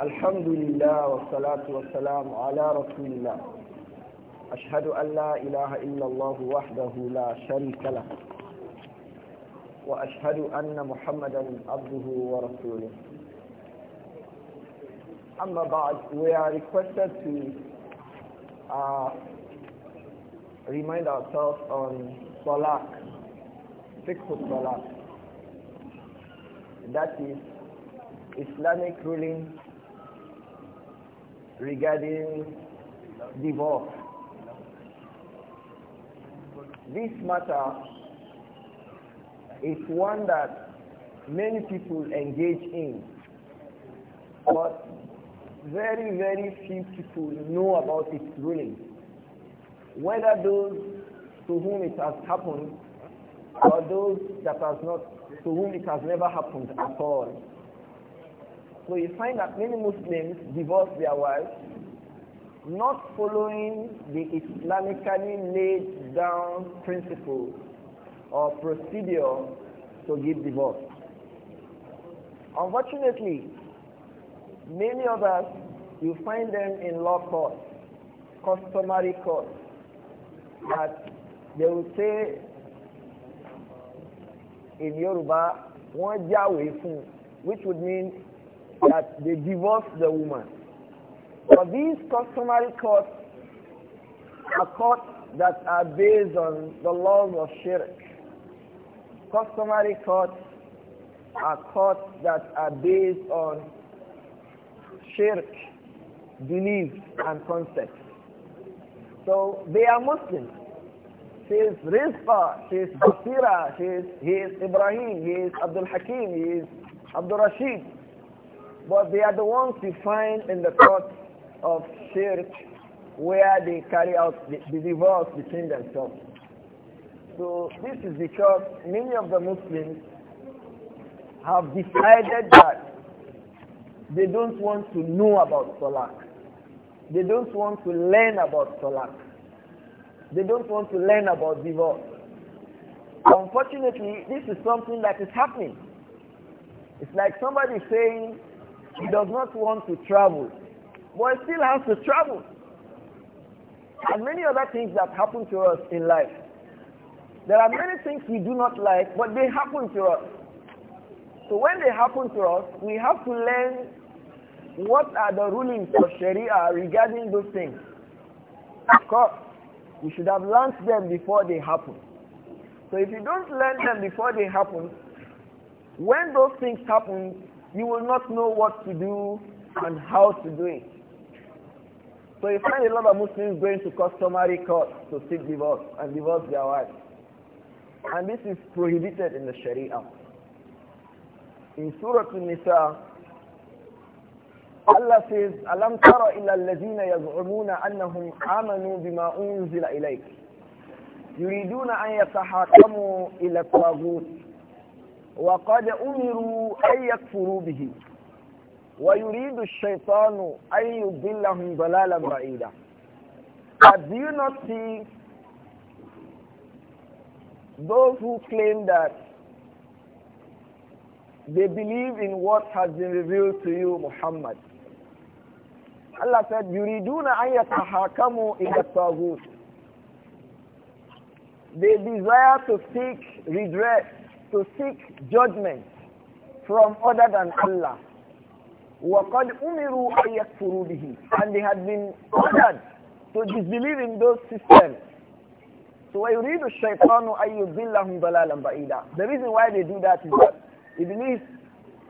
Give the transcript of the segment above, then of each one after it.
الحمد لله والصلاة والسلام على رسول الله أشهد أن لا إله إلا الله وحده لا شريك له وأشهد أن محمدا عبده ورسوله أما بعد we are requested to uh, remind ourselves on Salak فقه Salak that is Islamic ruling regarding divorce. This matter is one that many people engage in, but very, very few people know about its ruling. Whether those to whom it has happened or those that has not, to whom it has never happened at all. So you find that many Muslims divorce their wives, not following the Islamically laid down principle or procedure to give divorce. Unfortunately, many of us, you find them in law courts, customary courts, that they will say in Yoruba, one jawe which would mean that they divorce the woman. But these customary courts are courts that are based on the laws of shirk. Customary courts are courts that are based on shirk, beliefs and concepts. So they are Muslims. She is Rizqa, she is Basira, she is, he is Ibrahim, he is Abdul Hakim, he is Abdul Rashid. But they are the ones you find in the court of shirk where they carry out the, the divorce between themselves. So this is because many of the Muslims have decided that they don't want to know about Salak. They don't want to learn about Salak. They don't want to learn about divorce. Unfortunately, this is something that is happening. It's like somebody saying, he does not want to travel, but he still has to travel. And many other things that happen to us in life. There are many things we do not like, but they happen to us. So when they happen to us, we have to learn what are the rulings of Sharia regarding those things. Of course, we should have learned them before they happen. So if you don't learn them before they happen, when those things happen, you will not know what to do and how to do it. So you find a lot of Muslims going to customary courts to seek divorce and divorce their wives. And this is prohibited in the Sharia. In Surah An-Nisa, Allah says, أَلَمْ تَرَ إِلَى الَّذِينَ يَزْعُمُونَ أَنَّهُمْ آمَنُوا بِمَا أُنزِلَ إِلَيْكَ يُرِيدُونَ أَن يَتَحَاكَمُوا إِلَى الطَّاغُوتِ وقد أمروا أن يكفروا به ويريد الشيطان أن يضلهم ضلالا بعيدا But do you not see those who claim that they believe in what has been revealed to you, Muhammad. Allah said, يُرِيدُونَ أَن يَتَحَاكَمُوا إِلَى الطَّاغُوتِ They desire to seek redress to seek judgment from other than Allah. وَقَدْ أُمِرُوا أَن بِهِ And they had been ordered to disbelieve in those systems. So وَيُرِيدُ الشَّيْطَانُ أَن يُضِلَّهُمْ ضَلَالًا بَعِيدًا The reason why they do that is that Iblis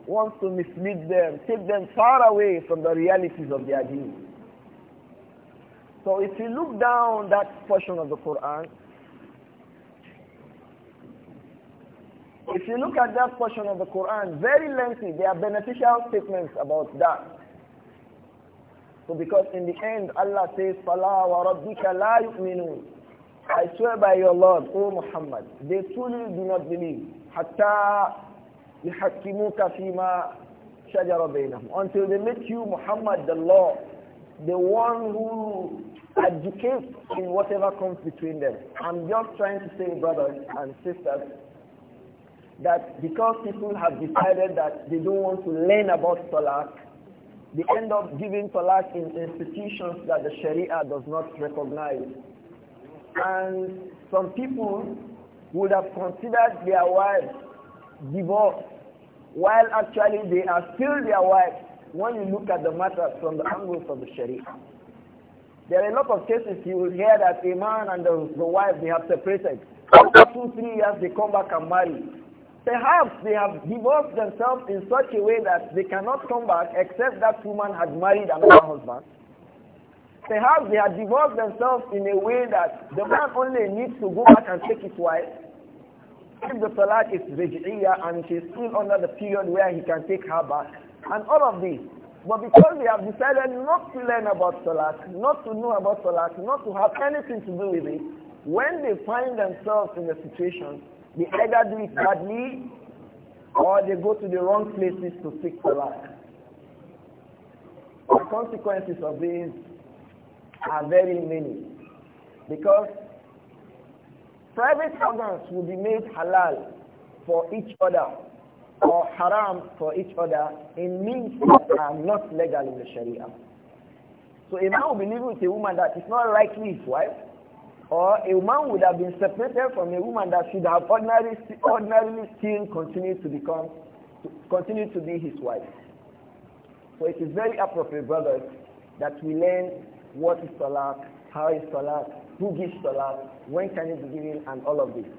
wants to mislead them, take them far away from the realities of their deen. So if you look down that portion of the Quran, If you look at that portion of the Quran, very lengthy, there are beneficial statements about that. So because in the end Allah says, wa rabbika la yu'minun. I swear by your Lord, O Muhammad, they truly do not believe. Hatta yuhakkimuka fima shajara bainahum. Until they make you Muhammad the law, the one who educates in whatever comes between them. I'm just trying to say, brothers and sisters, that because people have decided that they don't want to learn about talaq, they end up giving talaq in institutions that the sharia does not recognize. And some people would have considered their wives divorced while actually they are still their wives when you look at the matter from the angles of the sharia. There are a lot of cases you will hear that a man and the, the wife, they have separated. After two, three years, they come back and marry. Perhaps they have divorced themselves in such a way that they cannot come back except that woman had married another husband. Perhaps they have divorced themselves in a way that the man only needs to go back and take his wife. If the salat is rej'iyah and she is still under the period where he can take her back, and all of this. But because they have decided not to learn about Salat, not to know about Salat, not to have anything to do with it, when they find themselves in a situation they either do it badly or they go to the wrong places to seek salah. The consequences of these are very many because private organs will be made halal for each other or haram for each other in means that are not legal in the Sharia. So a man will be living with a woman that is not likely his wife, or a man would have been separated from a woman that should have ordinarily, ordinarily still continued to become, continue to be his wife. So it is very appropriate, brothers, that we learn what is talaq, how is talaq, who gives talaq, when can it be given, and all of this.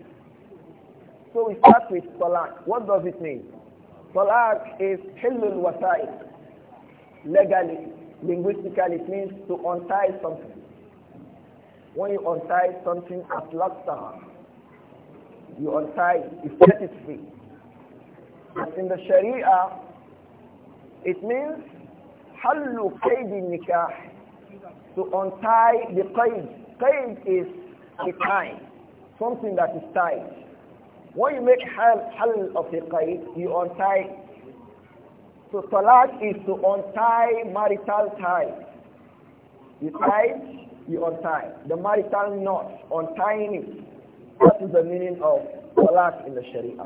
So we start with talaq. What does it mean? Talaq is hillul wasa'id. Legally, linguistically, it means to untie something. When you untie something at last you untie it, you set it free. But in the Sharia, it means halu kaidi nikah To untie the qaid. Qaid is a tie, something that is tied. When you make hal, hal of the qaid, you untie. So talaq is to untie marital ties. You tie you The marital knot, untying it. That is the meaning of talaq in the Sharia.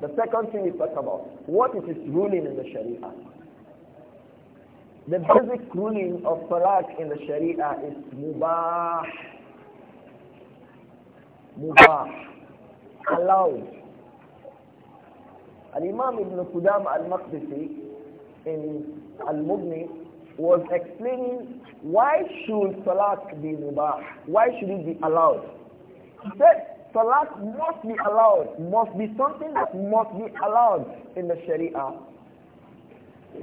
The second thing we talk about, what is its ruling in the Sharia? The basic ruling of talaq in the Sharia is mubah. Mubah. Allowed. Al-Imam Ibn Qudam al-Maqdisi in al mubni was explaining why should salat be mubah? Why should it be allowed? He said salat must be allowed, must be something that must be allowed in the Sharia.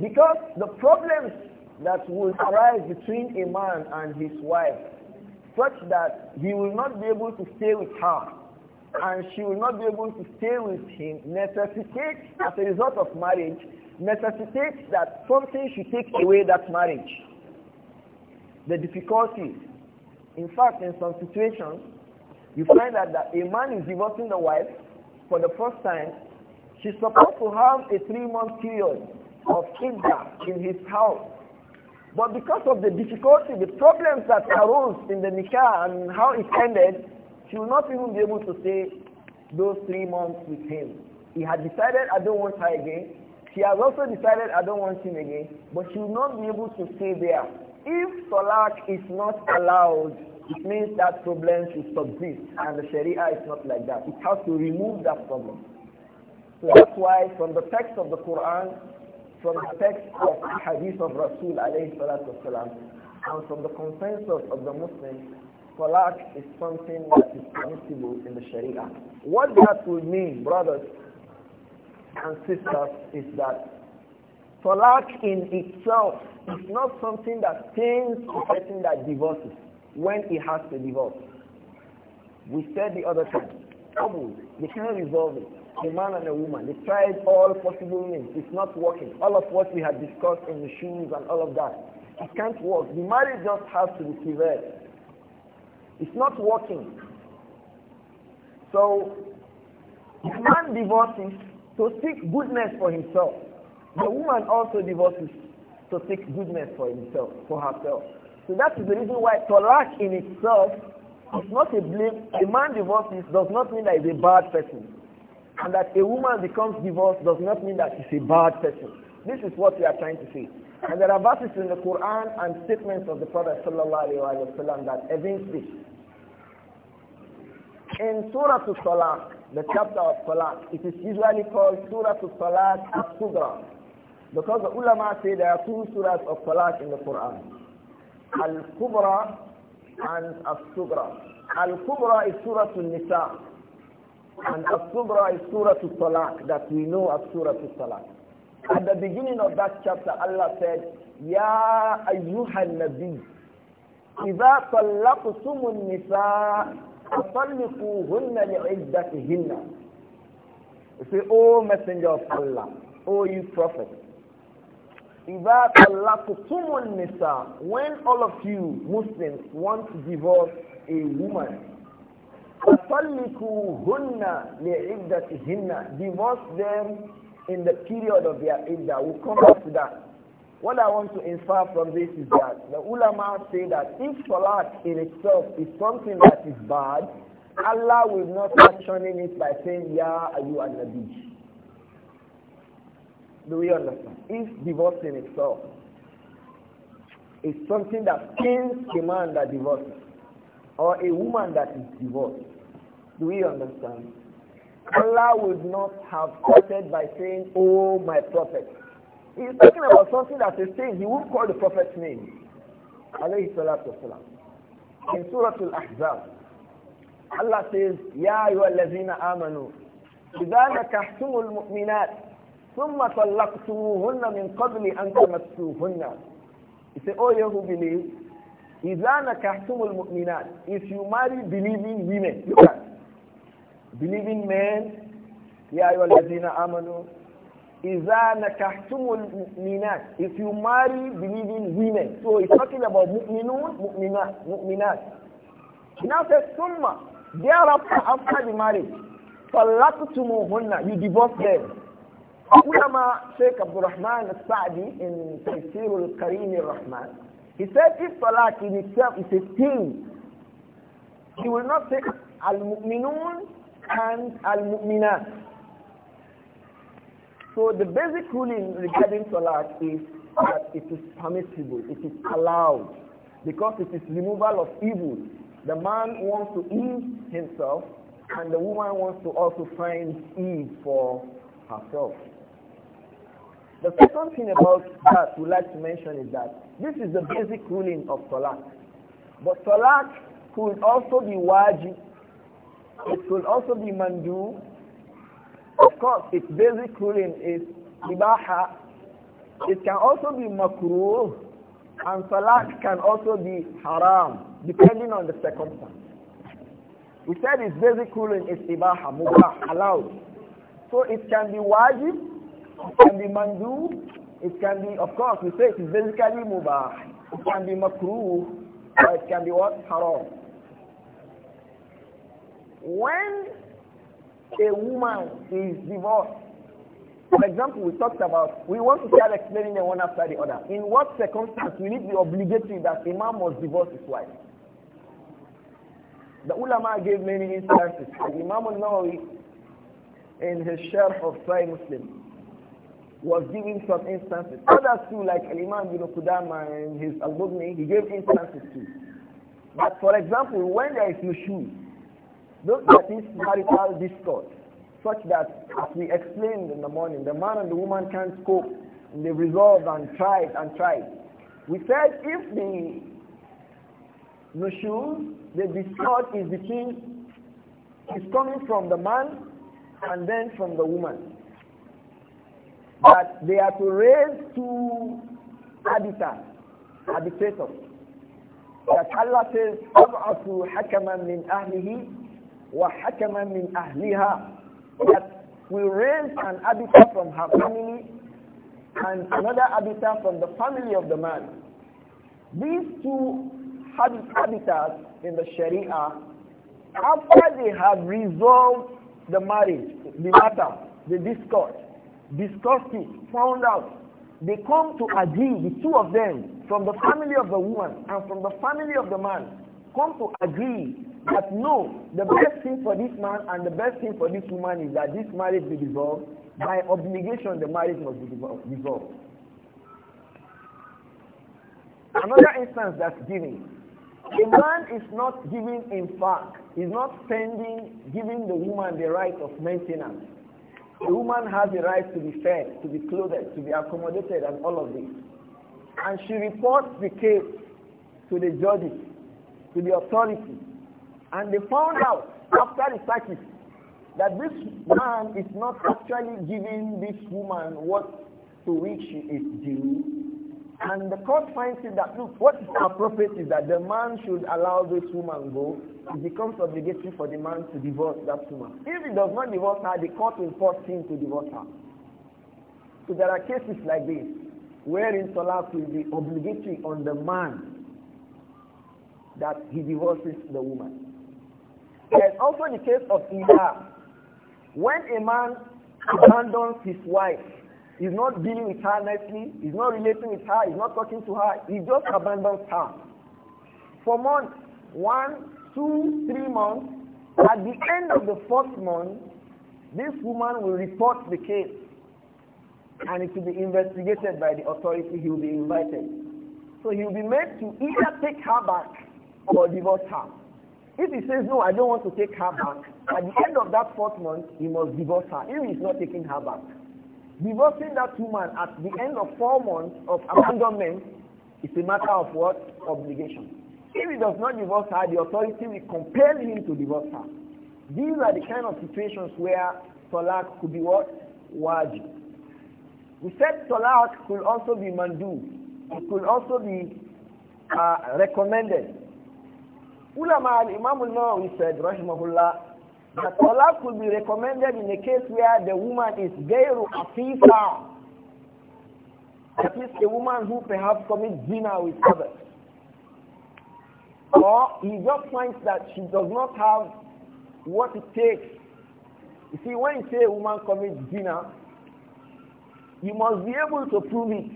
Because the problems that will arise between a man and his wife such that he will not be able to stay with her and she will not be able to stay with him necessitates as a result of marriage necessitates that something should take away that marriage. The difficulties. In fact, in some situations, you find that that a man is divorcing the wife for the first time. She's supposed to have a three-month period of Idda in his house. But because of the difficulty, the problems that arose in the Nikah and how it ended, she will not even be able to stay those three months with him. He had decided, I don't want her again. She has also decided I don't want him again, but she will not be able to stay there. If talaq is not allowed, it means that problem should subsist, and the Sharia is not like that. It has to remove that problem. So that's why from the text of the Quran, from the text of the Hadith of Rasul alayhi salatu and from the consensus of the Muslims, talaq is something that is permissible in the Sharia. What that would mean, brothers, and sisters is that talaq in itself is not something that pains the person that divorces when he has to divorce. We said the other time, trouble, they cannot resolve it. The man and the woman, they tried all possible means. It's not working. All of what we had discussed in the shoes and all of that. It can't work. The marriage just has to be severed. It's not working. So, if man divorces, to seek goodness for himself. The woman also divorces to seek goodness for himself, for herself. So that is the reason why talak in itself is not a blame. A man divorces does not mean that he's a bad person. And that a woman becomes divorced does not mean that she's a bad person. This is what we are trying to say. And there are verses in the Quran and statements of the Prophet Wasallam that evince this. In Surah Al-Talaq, the chapter of Salat. It is usually called Surah to Salat al-Sugra. Because the ulama say there are two surahs of Salat in the Quran. Al-Kubra and Al-Sugra. Al-Kubra is Surah al-Nisa. And Al-Sugra is Surah to Salat that we know as Surah to Salat. At the beginning of that chapter, Allah said, Ya ayyuha nabi, إذا طلقتم النساء فَطَلِّقُوهُنَّ لِعِدَّتِهِنَّ You say, O Messenger of Allah, O you Prophet, إِذَا طَلَّقْتُمُ النِّسَاء When all of you Muslims want to divorce a woman, فَطَلِّقُوهُنَّ لِعِدَّتِهِنَّ Divorce them in the period of their iddah. We'll come back to that. What I want to infer from this is that the ulama say that if salat in itself is something that is bad, Allah will not sanction in it by saying, Ya Ayu al Nabi. Do we understand? If divorce in itself is something that pains a man that divorces or a woman that is divorced, do we understand? Allah would not have started by saying, Oh, my prophet. He is talking about something that is saying He won't call the Prophet's name. Alayhi salatu wasalam. In Surah Al-Ahzab, Allah says, "Ya أَيُّهَا الَّذِينَ آمَنُوا إِذَا نَكَحْتُمُ الْمُؤْمِنَاتِ ثُمَّ طَلَّقْتُمُوهُنَّ مِنْ قَبْلِ أَنْ تَمَسُّوهُنَّ He said, Oh, you who believe, إِذَا نَكَحْتُمُ الْمُؤْمِنَاتِ If you marry believing women, you can. Believing men, يَا أَيُّهَا الَّذِينَ آمَنُوا إِذَا نَكَحْتُمُ الْمُؤْمِنَاتِ If you marry believing women. So it's talking about mu'minun, mu'minat, mu'minat. now says, ثُمَّ Thereafter, after the marriage, طَلَّقْتُمُهُنَّ You divorce them. Ulama Sheikh Abdul Rahman al-Sa'di in Tafsir al-Karim rahman he said if talaq in itself is a thing, he will not say al-mu'minun and al-mu'minat. So the basic ruling regarding salat is that it is permissible, it is allowed, because it is removal of evil. The man wants to ease himself, and the woman wants to also find ease for herself. The second thing about that we like to mention is that this is the basic ruling of salat. But salat could also be wajib, it could also be mandu, of course, its basic ruling is ibaha. It can also be makruh, and salat can also be haram, depending on the circumstance. We said its basic ruling is ibaha, mubah, allowed. So it can be wajib, it can be mandu, it can be, of course, we say it is basically mubah. It can be makruh, or it can be what? Haram. When a woman is divorced. For example, we talked about, we want to start explaining them one after the other. In what circumstance will it be obligatory that a man must divorce his wife? The ulama gave many instances. The Imam al-Nawawi, in his shelf of Sahih Muslim, was giving some instances. Others too, like Imam bin Qudama and his al he gave instances too. But for example, when there is nushuz, those that is marital discord, such that, as we explained in the morning, the man and the woman can't cope. And they resolve and try and try. We said if the nushul, the discord is between, is coming from the man and then from the woman. That they are to raise two arbiters, arbitrators. That Allah says, أَبْعَثُ حَكَمًا مِنْ أَهْلِهِ وَحَكَمًا مِنْ أَهْلِهَا That we raise an abita from her family and another abita from the family of the man. These two arbiters in the Sharia, after they have resolved the marriage, the matter, the discord, discussed it, found out, they come to agree, the two of them, from the family of the woman and from the family of the man, come to agree but no, the best thing for this man and the best thing for this woman is that this marriage be dissolved. By obligation, the marriage must be dissolved. Another instance that's giving. A man is not giving in fact, is not spending, giving the woman the right of maintenance. The woman has the right to be fed, to be clothed, to be accommodated, and all of this. And she reports the case to the judges, to the authorities and they found out after research that this man is not actually giving this woman what to which she is due. And the court finds it that look, what is appropriate is that the man should allow this woman go. It becomes obligatory for the man to divorce that woman. If he does not divorce her, the court will force him to divorce her. So there are cases like this wherein talaq will be obligatory on the man that he divorces the woman. There's also the case of Ida. When a man abandons his wife, he's not dealing with her nicely, he's not relating with her, he's not talking to her, he just abandons her. For months, one, two, three months, at the end of the fourth month, this woman will report the case and it will be investigated by the authority. He will be invited. So he will be made to either take her back or divorce her. If he says, no, I don't want to take her back, at the end of that fourth month, he must divorce her. If he's not taking her back, divorcing that woman at the end of four months of abandonment is a matter of what? Obligation. If he does not divorce her, the authority will compel him to divorce her. These are the kind of situations where talaq could be what? Wajib. We said talaq could also be mandu. It could also be uh, recommended. Ulama al-Imam al-Nawawi said, rahimahullah, that talaq could be recommended in a case where the woman is gairu afifa. That is a woman who perhaps commits zina with others. Or he just finds that she does not have what it takes. You see, when you say a woman commits zina, you must be able to prove it.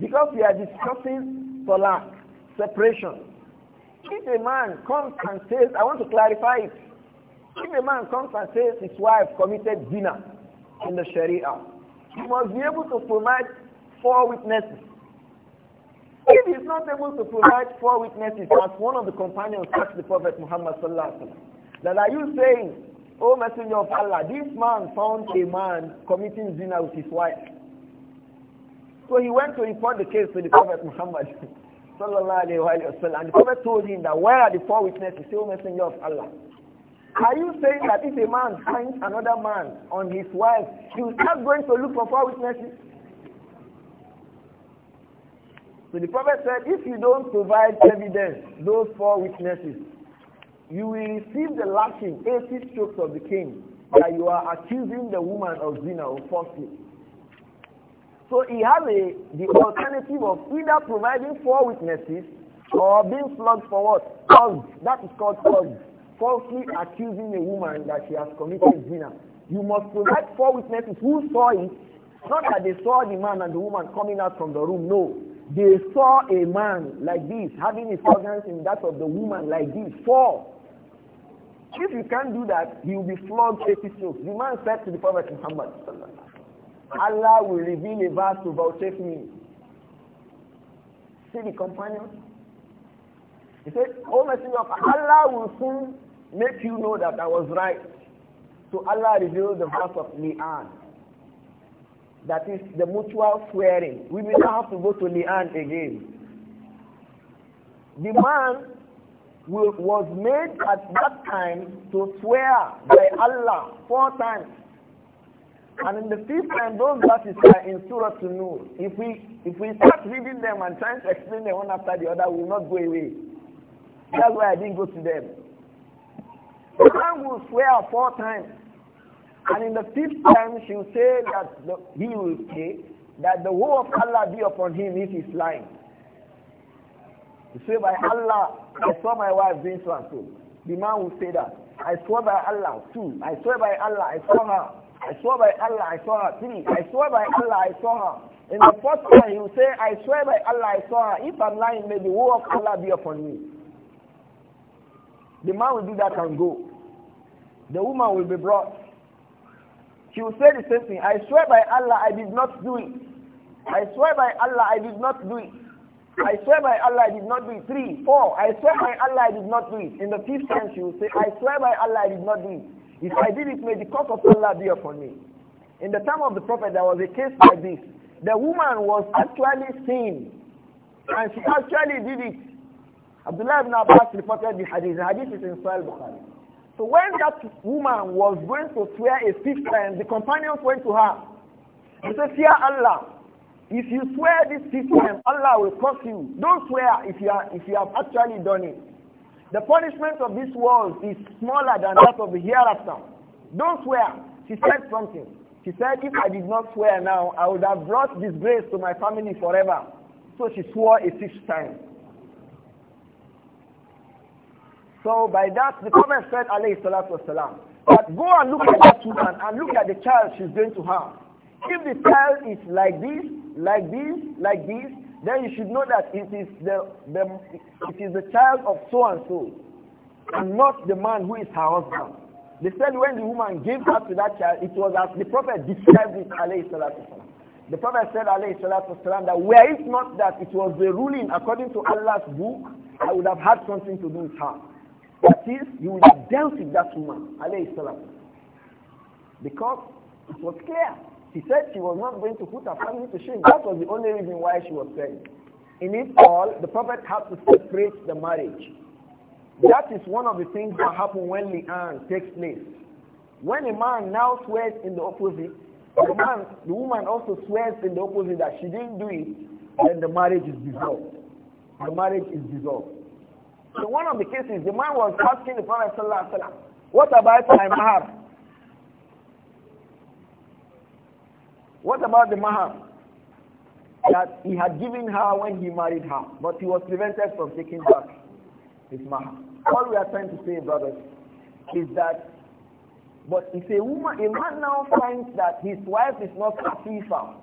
Because we are discussing talaq, separation. If a man comes and says, I want to clarify it. If a man comes and says his wife committed zina in the Sharia, he must be able to provide four witnesses. If he's not able to provide four witnesses, as one of the companions asked the Prophet Muhammad sallallahu that are you saying, O Messenger of Allah, this man found a man committing zina with his wife. So he went to report the case to the Prophet Muhammad Sallallahu alayhi wa And the Prophet told him that where are the four witnesses? the Messenger of Allah. Are you saying that if a man finds another man on his wife, he will start going to look for four witnesses? So the Prophet said, if you don't provide evidence, those four witnesses, you will receive the lashing, 80 strokes of the king, that you are accusing the woman of zina or falsehood. So he has a, the alternative of either providing four witnesses or being flogged for what? Cause. That is called cause. Falsely accusing a woman that she has committed sin. You must provide four witnesses who saw it. Not that they saw the man and the woman coming out from the room. No. They saw a man like this, having his organs in that of the woman like this. Four. If you can't do that, he will be flogged 80 strokes. The man said to the Prophet Muhammad, Allah will reveal a verse to vouchsafe me. See the companion? He said, O Messenger of Allah will soon make you know that I was right. So Allah revealed the verse of Li'an. That is the mutual swearing. We may not have to go to Li'an again. The man will, was made at that time to swear by Allah four times. And in the fifth time, those verses are in Surah to Nur. If we if we start reading them and trying to explain them one after the other, we will not go away. That's why I didn't go to them. The man will swear four times. And in the fifth time she will say that the, he will say that the woe of Allah be upon him if he's lying. You say by Allah, I saw my wife doing so and so. The man will say that. I swear by Allah too. I swear by Allah, I saw her. I swear by Allah, I saw her. Three, I swear by Allah, I saw her. In the first time, you say, I swear by Allah, I saw her. If I'm lying, may the woe of Allah be upon me. The man will do that and go. The woman will be brought. She will say the same thing. I swear by Allah, I did not do it. I swear by Allah, I did not do it. I swear by Allah, I did not do it. Three, four, I swear by Allah, I did not do it. In the fifth time, she will say, I swear by Allah, I did not do it. If I did it, may the curse of Allah be upon me. In the time of the Prophet, there was a case like this. The woman was actually seen, and she actually did it. Abdullah ibn Abbas reported the hadith. The hadith is in Sahih Bukhari. So when that woman was going to swear a fifth time, the companions went to her. They said, Fear Allah. If you swear this fifth time, Allah will curse you. Don't swear if you, are, if you have actually done it. The punishment of this world is smaller than that of the hereafter. Don't swear. She said something. She said, if I did not swear now, I would have brought disgrace to my family forever. So she swore a sixth time. So by that, the Prophet said, alayhi salatu wasalam, but go and look at that woman and look at the child she's going to have. If the child is like this, like this, like this, then you should know that it is the, the it is the child of so and so, and not the man who is her husband. They said when the woman gave birth to that child, it was as the Prophet described it, alayhi salatu The Prophet said, alayhi salatu that were it not that it was the ruling according to Allah's book, I would have had something to do with her. That is, you would have dealt with that woman, alayhi salatu Because it was clear she said she was not going to put her family to shame. That was the only reason why she was pregnant. In it all, the Prophet had to separate the marriage. That is one of the things that happen when li'an takes place. When a man now swears in the opposite, the, man, the woman also swears in the opposite that she didn't do it, then the marriage is dissolved. The marriage is dissolved. So one of the cases, the man was asking the Prophet what about my mahar? What about the mahar that he had given her when he married her, but he was prevented from taking back his mahar? All we are trying to say, brothers, is that but if a woman, a man now finds that his wife is not Afifa,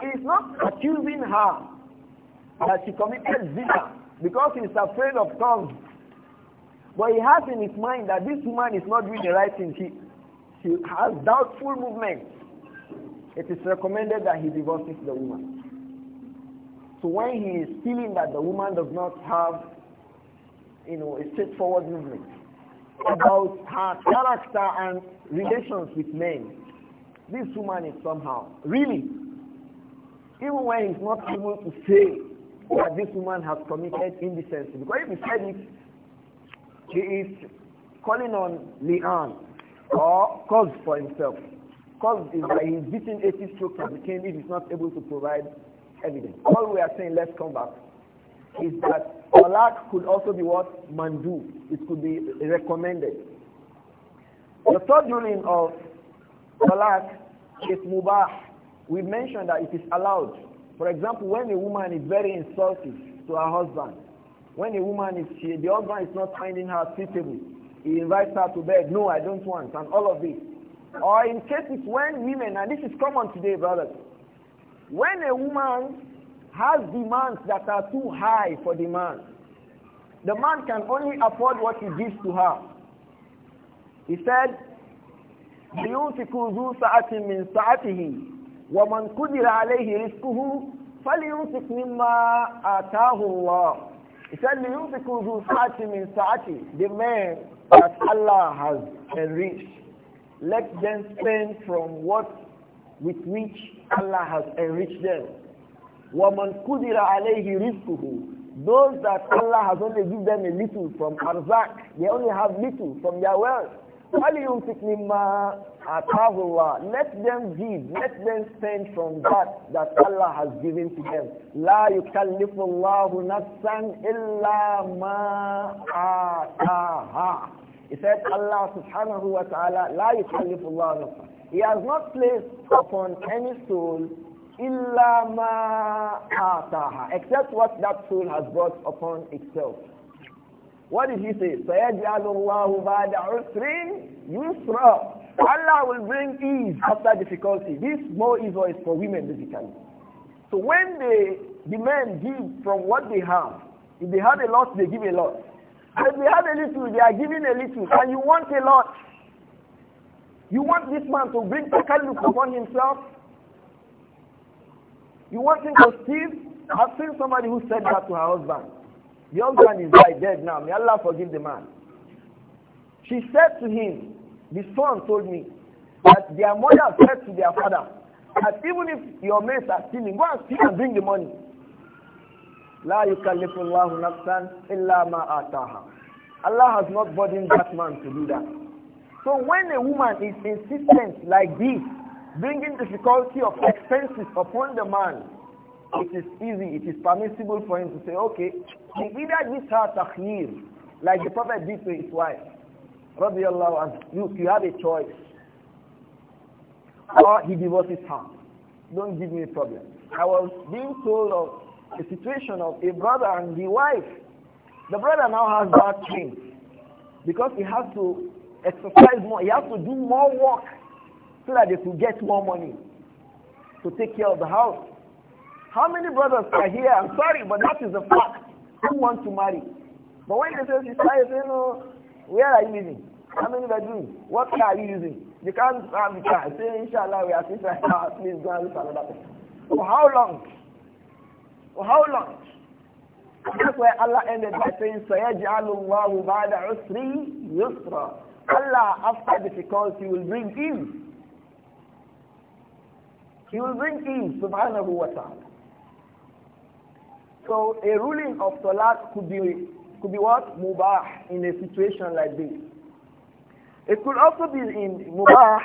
he is not accusing her that she committed zina because he is afraid of tongues. But he has in his mind that this woman is not doing the right thing. She, she has doubtful movements it is recommended that he divorces the woman. So when he is feeling that the woman does not have, you know, a straightforward movement about her character and relations with men, this woman is somehow really, even when he's not able to say that this woman has committed indecency, because if he said it, he is calling on Leanne or cause for himself. Because is that he's beaten 80 strokes and if he's not able to provide evidence. All we are saying, let's come back, is that talaq could also be what? Mandu. It could be recommended. The third ruling of talaq is mubah. We mentioned that it is allowed. For example, when a woman is very insulting to her husband, when a woman is, she, the husband is not finding her suitable, he invites her to bed, no, I don't want, and all of this or in cases when women, and this is common today, brothers, when a woman has demands that are too high for the man, the man can only afford what he gives to her. He said, لينفق ذو سعة من سعته ومن قدر عليه رزقه فلينفق مما آتاه Allah." He said, لينفق ذو سعة min سعته The man that Allah has enriched. Let them spend from what with which Allah has enriched them. وَمَنْ قُدِرَ عَلَيْهِ رِزْقُهُ Those that Allah has only given them a little from arzak, they only have little from their wealth. وَلِيُنْفِقْ مِمَّا أَتَاهُ اللَّهِ Let them give, let them spend from that that Allah has given to them. لَا يُكَلِّفُ اللَّهُ نَفْسًا إِلَّا مَا آتَاهَا he said, Allah subhanahu wa ta'ala, la yukallifullah nafsa. He has not placed upon any soul illa ma ataha, except what that soul has brought upon itself. What did he say? سَيَجْعَلُ اللَّهُ بَعْدَ عُسْرٍ Allah will bring ease after difficulty. This more ease is for women basically. So when they, the men give from what they have, if they have a lot, they give a lot. As they have a little, they are giving a little, and you want a lot. You want this man to bring takalluf upon himself? You want him to steal? I've seen somebody who said that to her husband. The husband is like dead now. May Allah forgive the man. She said to him, the son told me, that their mother said to their father, that even if your mates are stealing, go and steal and bring the money. La yukallifullahu nafsan illa ma ataha. Allah has not burdened that man to do that. So when a woman is insistent like this, bringing difficulty of expenses upon the man, it is easy, it is permissible for him to say, okay, he either gives her takhir, like the Prophet did to his wife, radiallahu anhu, you, you have a choice, or he divorces her. Don't give me a problem. I was being told of the situation of a brother and the wife. The brother now has bad things because he has to exercise more. He has to do more work so that they could get more money to take care of the house. How many brothers are here? I'm sorry, but that is the fact. Who want to marry? But when they say, you say, you know, where are you living? How many bedrooms? What car are you using? You can't have the car. Say, inshallah, we are sitting right now. Please go and look another person. For how long? For how long? That's where Allah ended by saying, سَيَجْعَلُ اللَّهُ بَعْدَ three يُسْرًا Allah, after difficulty, will bring ease. He will bring ease, subhanahu wa ta'ala. So a ruling of salat could be, could be what? Mubah in a situation like this. It could also be in mubah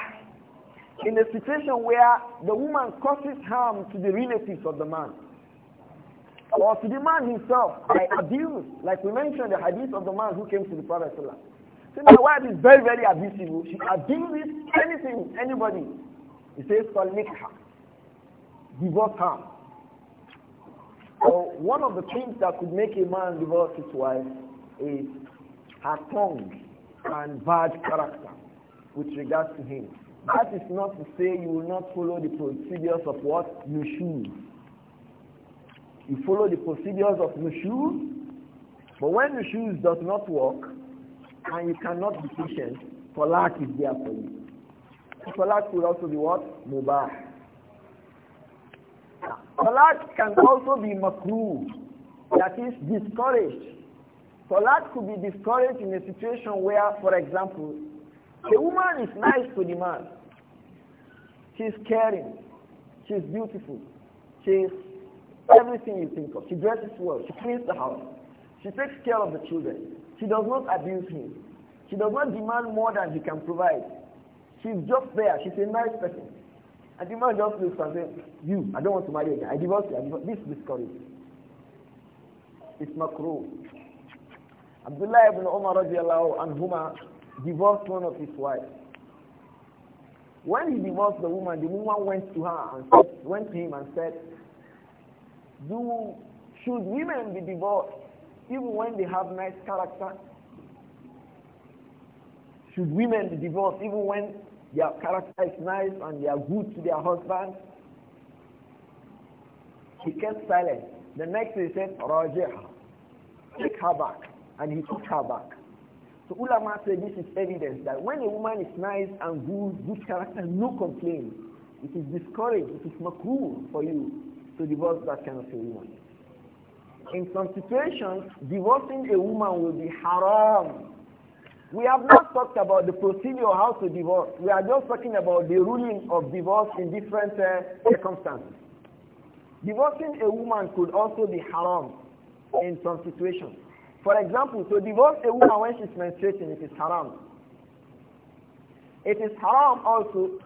in a situation where the woman causes harm to the relatives of the man or to the man himself by abuse. Like we mentioned the hadith of the man who came to the Prophet. So my wife is very, very abusive. She abuses anything, anybody. He says, Salik her. Divorce her. So one of the things that could make a man divorce his wife is her tongue and bad character with regards to him. That is not to say you will not follow the procedures of what you should you follow the procedures of the shoes, But when the shoes does not work, and you cannot be patient, talaq is there for you. Talaq could also be what? Mubah. Talaq can also be makruh, that is discouraged. Talaq could be discouraged in a situation where, for example, the woman is nice to the man. She's caring. She's beautiful. She's Everything you think of. She dresses well. She cleans the house. She takes care of the children. She does not abuse him. She does not demand more than he can provide. She's just there. She's a nice person. And the man just looks and says, you, I don't want to marry again. I divorce you. I divorce. This discourages. It's makruh. Abdullah ibn Umar radiallahu anhuma divorced one of his wives. When he divorced the woman, the woman went to her and said, went to him and said, do should women be divorced even when they have nice character? Should women be divorced even when their character is nice and they are good to their husband? He kept silent. The next he said, Rajiha. Take her back. And he took her back. So ulama said this is evidence that when a woman is nice and good, good character, no complaint. It is discouraged, it is makruh for you to divorce that kind of a woman. In some situations, divorcing a woman will be haram. We have not talked about the procedure how to divorce. We are just talking about the ruling of divorce in different uh, circumstances. Divorcing a woman could also be haram in some situations. For example, to divorce a woman when she's menstruating, it is haram. It is haram also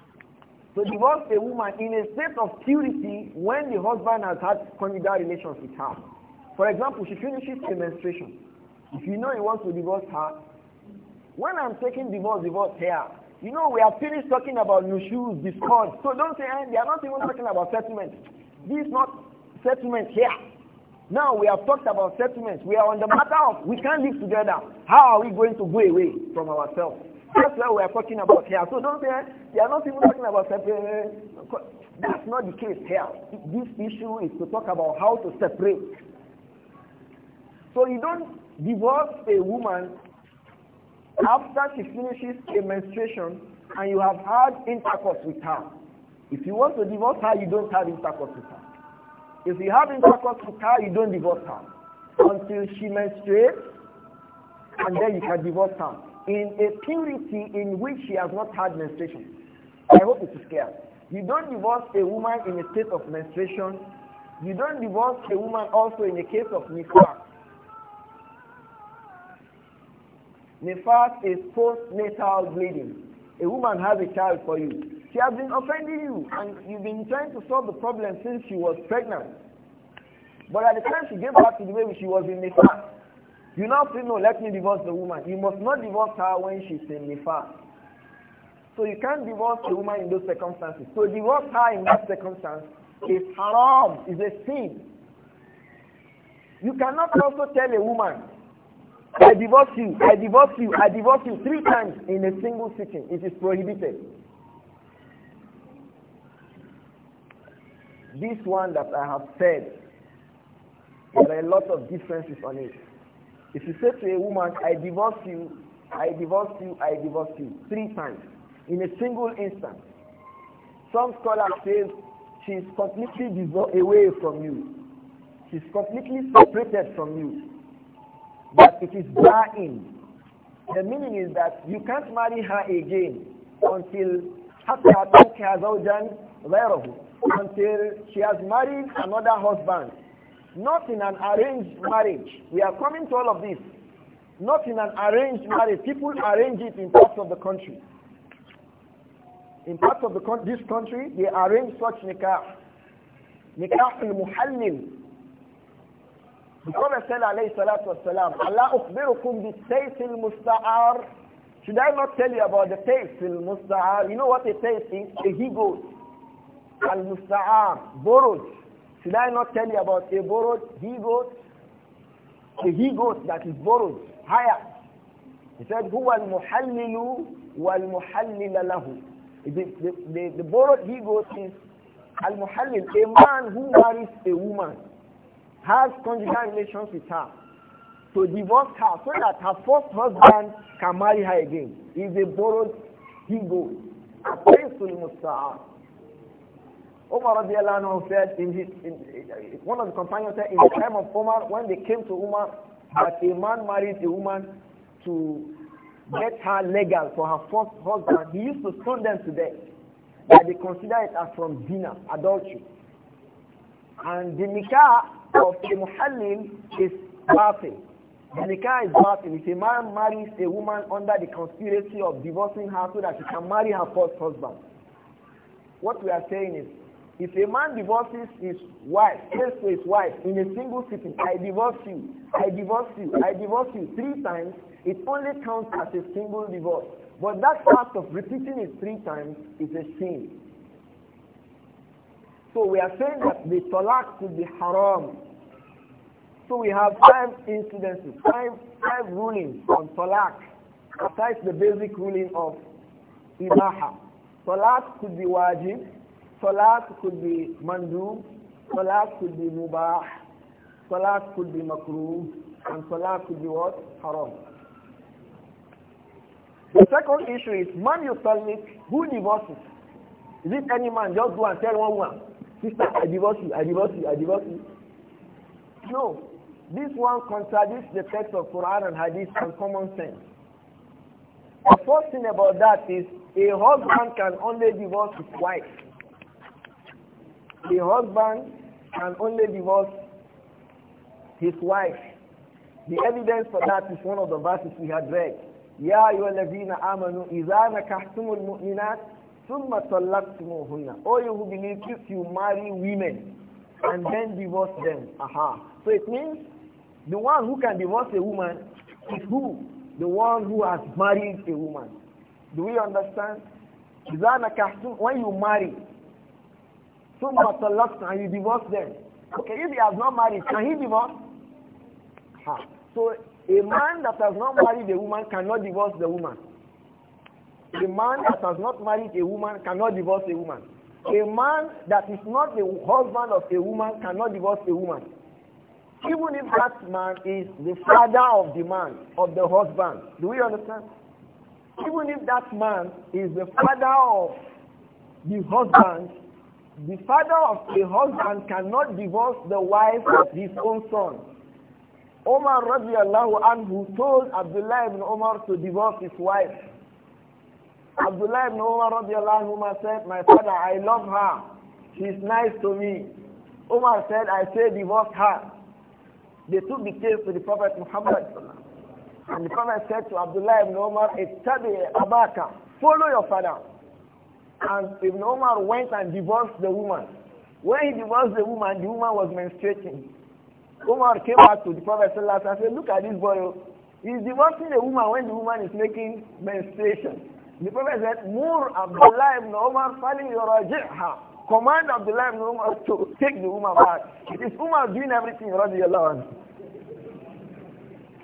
so divorce a woman in a state of purity when the husband has had conjugal relations with her. For example, she finishes her menstruation. If you know he wants to divorce her, when I'm taking divorce, divorce here, you know we are finished talking about nushus, discord. So don't say eh, they are not even talking about settlement. This is not settlement here. Now we have talked about settlement. We are on the matter of we can't live together. How are we going to go away from ourselves? That's what we are talking about here. So don't say they are not even talking about separate. That's not the case here. This issue is to talk about how to separate. So you don't divorce a woman after she finishes a menstruation and you have had intercourse with her. If you want to divorce her, you don't have intercourse with her. If you have intercourse with her, you don't divorce her until she menstruates and then you can divorce her in a purity in which she has not had menstruation. I hope it is clear. You don't divorce a woman in a state of menstruation. You don't divorce a woman also in a case of nifas. Nifas is postnatal bleeding. A woman has a child for you. She has been offending you and you've been trying to solve the problem since she was pregnant. But at the time she gave birth to the baby, she was in nifas. You now say, no, let me divorce the woman. You must not divorce her when she's in the fast. So you can't divorce a woman in those circumstances. So divorce her in that circumstance is haram, is a sin. You cannot also tell a woman, I divorce you, I divorce you, I divorce you three times in a single sitting. It is prohibited. This one that I have said, there are a lot of differences on it. If you say to a woman, I divorce you, I divorce you, I divorce you, three times, in a single instant, some scholars say she is completely away from you. She is completely separated from you. But it is in. The meaning is that you can't marry her again until until she has married another husband not in an arranged marriage. We are coming to all of this. Not in an arranged marriage. People arrange it in parts of the country. In parts of the con- this country, they arrange such nikah. Nikah al-muhallil. The Prophet said, alayhi salatu wasalam, Allah ukhbirukum bi al-musta'ar. Should I not tell you about the tayt al-musta'ar? You know what a tayt is? A he goat. Al-musta'ar, borrowed. Should I not tell you about a borrowed he-goat? A he-goat that is borrowed, higher. He said, هو المحلل والمحلل له. The, the, the, the borrowed he-goat is al-muhallil, a man who marries a woman, has conjugal relations with her, to divorce her so that her first husband can marry her again, is a borrowed he-goat. Thanks to the Musta'ar. Umar radiallahu said, in his, in, one of the companions said, in the time of Umar, when they came to Umar, that a man married a woman to get her legal for her first husband, he used to stone them to death. That they consider it as from zina, adultery. And the nikah of a muhallim is batil. The nikah is batil. If a man marries a woman under the conspiracy of divorcing her so that she can marry her first husband, what we are saying is if a man divorces his wife, first to his wife in a single sitting, I divorce you, I divorce you, I divorce you three times, it only counts as a single divorce. But that act of repeating it three times is a sin. So we are saying that the talaq could be haram. So we have five incidences, five, five rulings on talaq, besides the basic ruling of ibaha. Talaq could be wajib, Salat could be mandu, salat could be mubah, salat could be makruh, and salat could be what? Haram. The second issue is man yutallik, who divorces? Is it any man just go and tell one woman, sister, I divorce you, I divorce you, I divorce you? No. This one contradicts the text of Quran and Hadith and common sense. The first thing about that is a husband can only divorce his wife a husband can only divorce his wife. The evidence for that is one of the verses we had read. يا أيها amanu آمنوا إذا نكحتم summa ثم طلقتموهن Oh you who believe if you marry women and then divorce them. Aha. So it means the one who can divorce a woman is who? The one who has married a woman. Do we understand? إذا نكحتم When you marry, Summa and you divorce them. Okay, if he has not married, can he divorce? Ha. So a man that has not married a woman cannot divorce the woman. A man that has not married a woman cannot divorce a woman. A man that is not the husband of a woman cannot divorce a woman. Even if that man is the father of the man, of the husband. Do we understand? Even if that man is the father of the husband, the father of a husband cannot divorce the wife of his own son. Omar radiallahu anhu told Abdullah ibn Omar to divorce his wife. Abdullah ibn Omar radiallahu anhu said, My father, I love her. She's nice to me. Omar said, I say divorce her. They took the case to the Prophet Muhammad. And the Prophet said to Abdullah ibn Omar, Ittabi abaka. Follow your father. And Ibn Omar went and divorced the woman. When he divorced the woman, the woman was menstruating. Umar came back to the Prophet and said, look at this boy. Oh. He's divorcing the woman when the woman is making menstruation. The Prophet said, Mur Abdullah ibn Umar fali yuraji'ha. Command Abdullah ibn Umar to take the woman back. It is Umar doing everything, radiallahu anhu.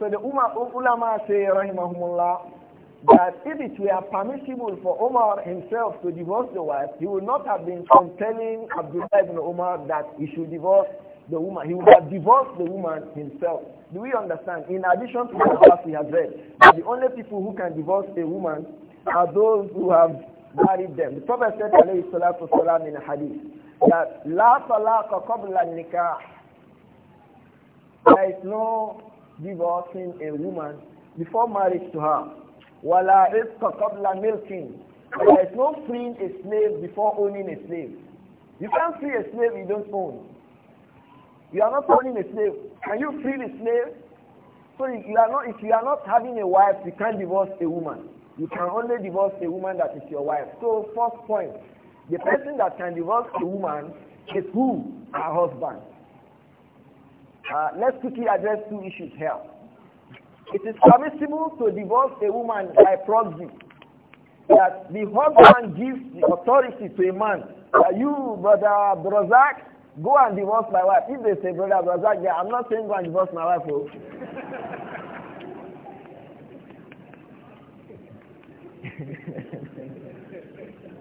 So the Umar, ulama say, rahimahumullah, that if it were permissible for Omar himself to divorce the wife, he would not have been compelling Abdullah ibn Omar that he should divorce the woman. He would have divorced the woman himself. Do we understand? In addition to what we have read, the only people who can divorce a woman are those who have married them. The Prophet said, alayhi salatu salam in a hadith, that la talaqa qabla nikah. There is no divorcing a woman before marriage to her wala isqa qabla milking. There is no freeing a slave before owning a slave. You can't free a slave you don't own. You are not owning a slave. Can you free the slave? So if you are not, if you are not having a wife, you can't divorce a woman. You can only divorce a woman that is your wife. So first point, the person that can divorce a woman is who? Her husband. Uh, let's quickly address two issues here. It is permissible to divorce a woman by proxy. That the husband gives the authority to a man. That you, brother Brazak, go and divorce my wife. If they say, brother Brazak, yeah, I'm not saying go and divorce my wife. Oh.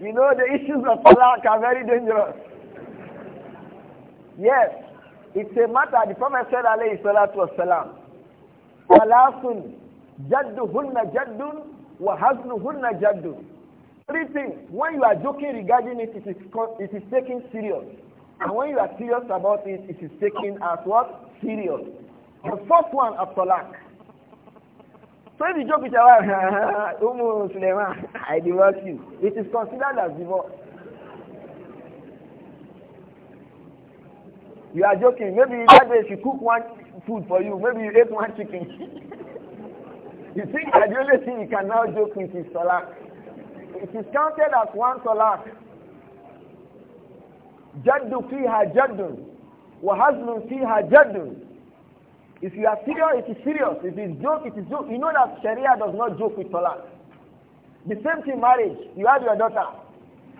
you know, the issues of talaq are very dangerous. Yes, it's a matter, the Prophet said, alayhi salatu wasalam, Salasun, jadduhunna jaddun, wa hazluhunna Three things. When you are joking regarding it, it is, it is taken serious. And when you are serious about it, it is taken as what? Serious. The first one, after talak. So if you joke with your wife, Umu Suleiman, I divorce you. It is considered as divorce. You are joking. Maybe that day she cook one food for you. Maybe you ate one chicken. you think that the only thing you can now joke with is salah. It is counted as one salah. Jaddu fiha jaddun. Wahazlun fiha jaddun. If you are serious, it is serious. If it's joke, it is joke. You know that Sharia does not joke with salah. The same thing marriage. You have your daughter.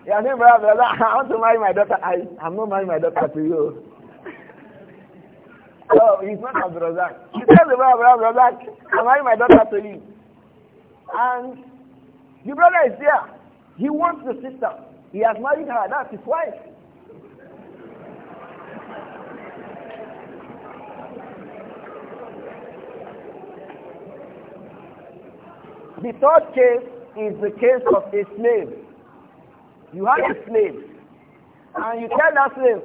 Your name, brother, I want to marry my daughter. I, I'm not marrying my daughter to you. No, he's not Abdul Razak. He tells the brother, Abdul Razak, I marry my daughter to leave. And the brother is there. He wants the sister. He has married her. That's his wife. The third case is the case of a slave. You have a slave, and you tell that slave,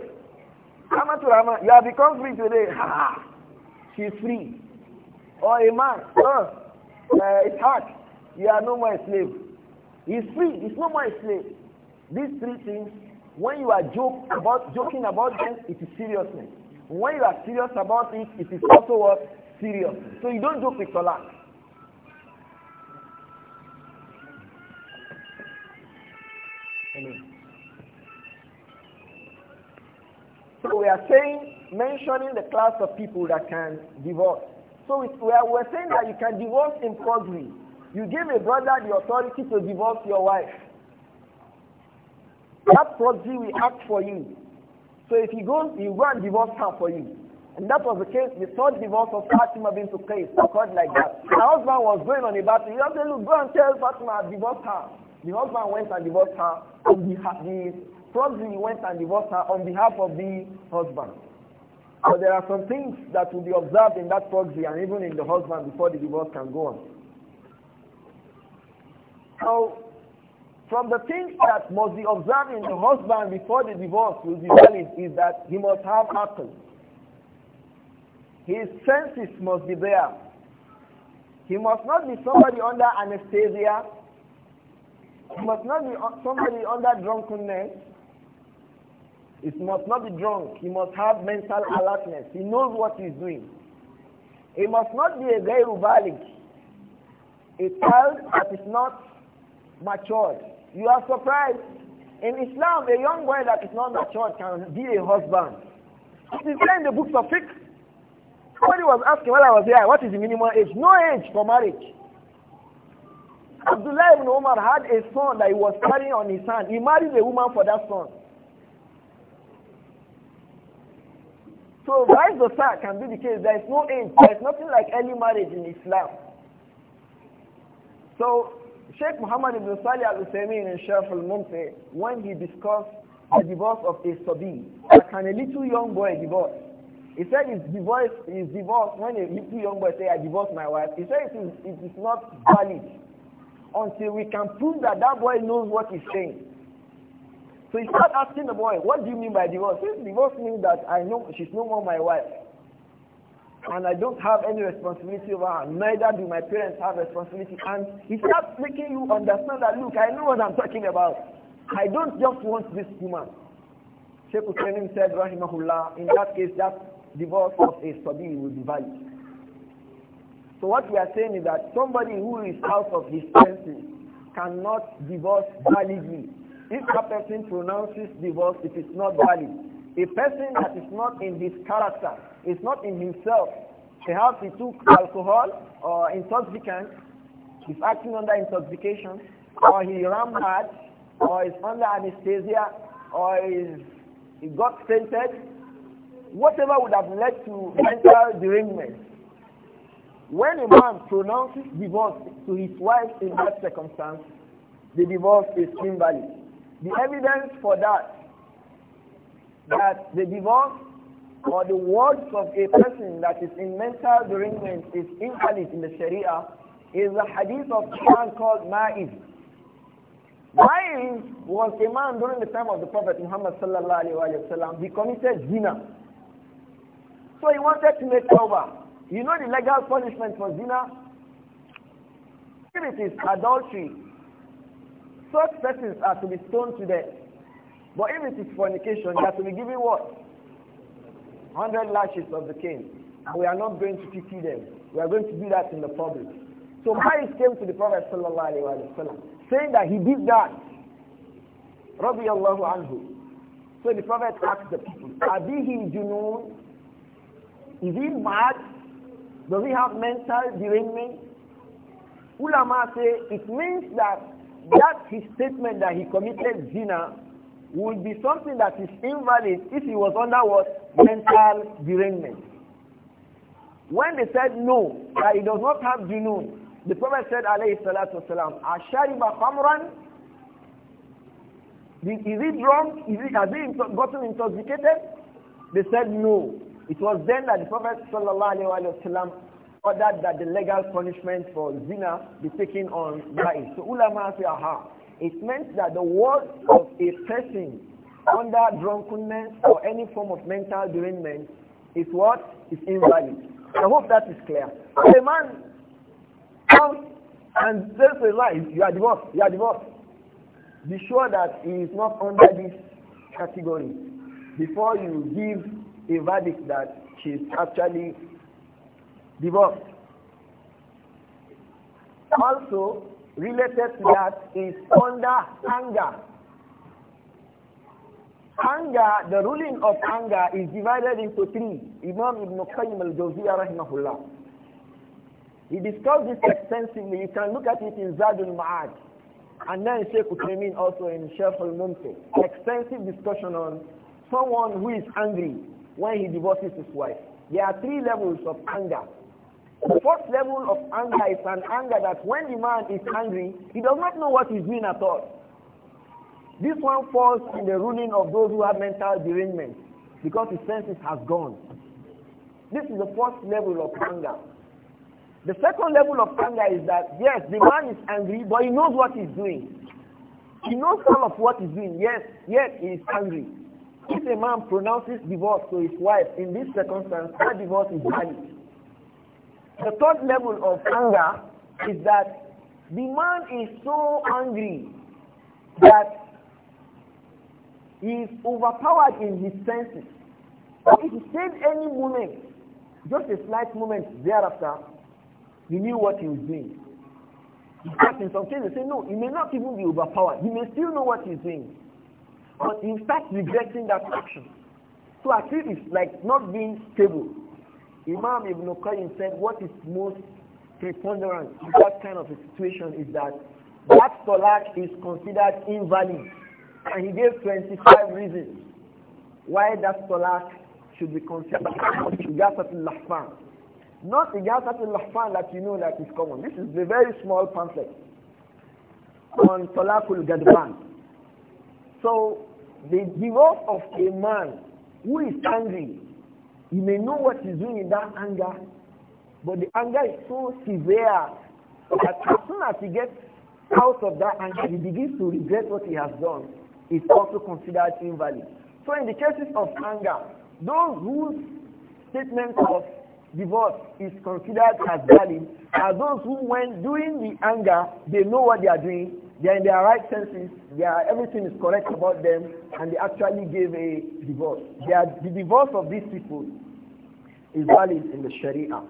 Amatu Rahman, you have become free today. Ha! She's free. Or a man, huh? Uh, it's hard. You are no more a slave. He's free. He's no more a slave. These three things, when you are joke about, joking about them, it is seriousness. When you are serious about it, it is also what? Serious. So you don't joke with talak. Amen. So we are saying, mentioning the class of people that can divorce. So we are, we're saying that you can divorce improperly. You give a brother the authority to divorce your wife. That proxy will act for you. So if he goes, he will go and divorce her for you. And that was the case, the third divorce of Fatima bint Qais occurred like that. The husband was going on a battle. He just said, look, go and tell Fatima I divorced her. The husband went and divorced her. And the, the probably he went and divorced her on behalf of the husband. But there are some things that will be observed in that proxy and even in the husband before the divorce can go on. So, from the things that must be observed in the husband before the divorce will be valid is that he must have aql. His senses must be there. He must not be somebody under anesthesia. He must not be somebody under drunkenness. He must not be drunk. He must have mental alertness. He knows what he's doing. He must not be a very balig. A child that is not matured. You are surprised. In Islam, a young boy that is not matured can be a husband. It is in the books of fiqh. Somebody was asking while I was here, what is the minimum age? No age for marriage. Abdullah ibn Omar had a son that he was carrying on his hand. He married a woman for that son. So vice versa can be the case. There is no age. There is nothing like early marriage in Islam. So Sheikh Muhammad ibn Salih al-Uthaymeen in Sharf al-Mumti, when he discussed the divorce of a sabi, like can a little young boy divorce? He said his divorce is divorce when a little young boy say I divorce my wife. He said it is, it is not valid until we can prove that that boy knows what he's saying. So you start asking the boy, what do you mean by divorce? Says, divorce means that I know she's no more my wife. And I don't have any responsibility over her. Neither do my parents have responsibility. And he starts making you understand that, look, I know what I'm talking about. I don't just want this woman. Sheikh Hussein said, Rahimahullah, in that case, that divorce of a study will be valid. So what we are saying is that somebody who is out of his senses cannot divorce validly if a person pronounces divorce, it is not valid. A person that is not in his character, is not in himself, perhaps he took alcohol or intoxicant, He's acting under intoxication, or he ran mad, or is under anesthesia, or is, he got fainted, whatever would have led to mental derangement. When a man pronounces divorce to his wife in that circumstance, the divorce is invalid. The evidence for that, that the divorce or the words of a person that is in mental derangement is invalid in the Sharia, is a hadith of a man called Ma'iz. Ma'iz was a man during the time of the Prophet Muhammad wasallam. He committed zina. So he wanted to make tawbah. You know the legal punishment for zina? it is adultery, such persons are to be stoned to death. But if it is fornication, they are to be given what? 100 lashes of the cane. And we are not going to pity them. We are going to do that in the public. So Ma'is came to the Prophet وسلم, saying that he did that. رضي الله So the Prophet asked the people, Are Abihi Junoon, is he mad? Does he have mental derangement? Ulama say it means that that his statement that he committed zina would be something that is invalid if he was under what? Mental derangement. When they said no, that he does not have junun, the Prophet said, alayhi salatu wasalam, Ashariba khamran, is it wrong? Is it, has he gotten intoxicated? They said no. It was then that the Prophet sallallahu alayhi wa sallam ordered that the legal punishment for zina be taken on by So ulama say, aha, it meant that the word of a person under drunkenness or any form of mental derangement is what is invalid. I hope that is clear. So a man comes and says a lie, you are divorced, you are divorced. Be sure that he is not under this category before you give a verdict that she is actually divorce. Also, related to that is under anger. Anger, the ruling of anger is divided into three. Imam Ibn Qayyim al-Jawziyah rahimahullah. He discussed this extensively. You can look at it in Zadul Ma'ad. And then Sheikh Utremin also in Sheikh al-Mumti. Extensive discussion on someone who is angry when he divorces his wife. There are three levels of anger. The first level of anger is an anger that when the man is angry, he does not know what he's doing at all. This one falls in the ruling of those who have mental derangement because his senses has gone. This is the first level of anger. The second level of anger is that, yes, the man is angry, but he knows what he's doing. He knows all of what he's doing, yes, yet he is angry. If a man pronounces divorce to his wife in this circumstance, that divorce is valid. The third level of anger is that the man is so angry that he is overpowered in his senses. if he said any moment, just a slight moment thereafter, he knew what he was doing. In fact, in some cases, they say, no, he may not even be overpowered. He may still know what he's doing. But he starts regretting that action. So I feel it's like not being stable. Imam Ibn Qayyim said what is most preponderant in that kind of a situation is that that talaq is considered invalid. And he gave 25 reasons why that talaq should be considered Not the Not Igasatul Lahfan that you know that is common. This is a very small pamphlet on Salakul Gadban. So the divorce of a man who is angry you may know what he's doing in that anger, but the anger is so severe that as soon as he gets out of that anger, he begins to regret what he has done. It's also considered invalid. So in the cases of anger, those whose statement of divorce is considered as valid are those who, when doing the anger, they know what they are doing they are in their right senses. Their, everything is correct about them, and they actually gave a divorce. Are, the divorce of these people is valid in the Sharia.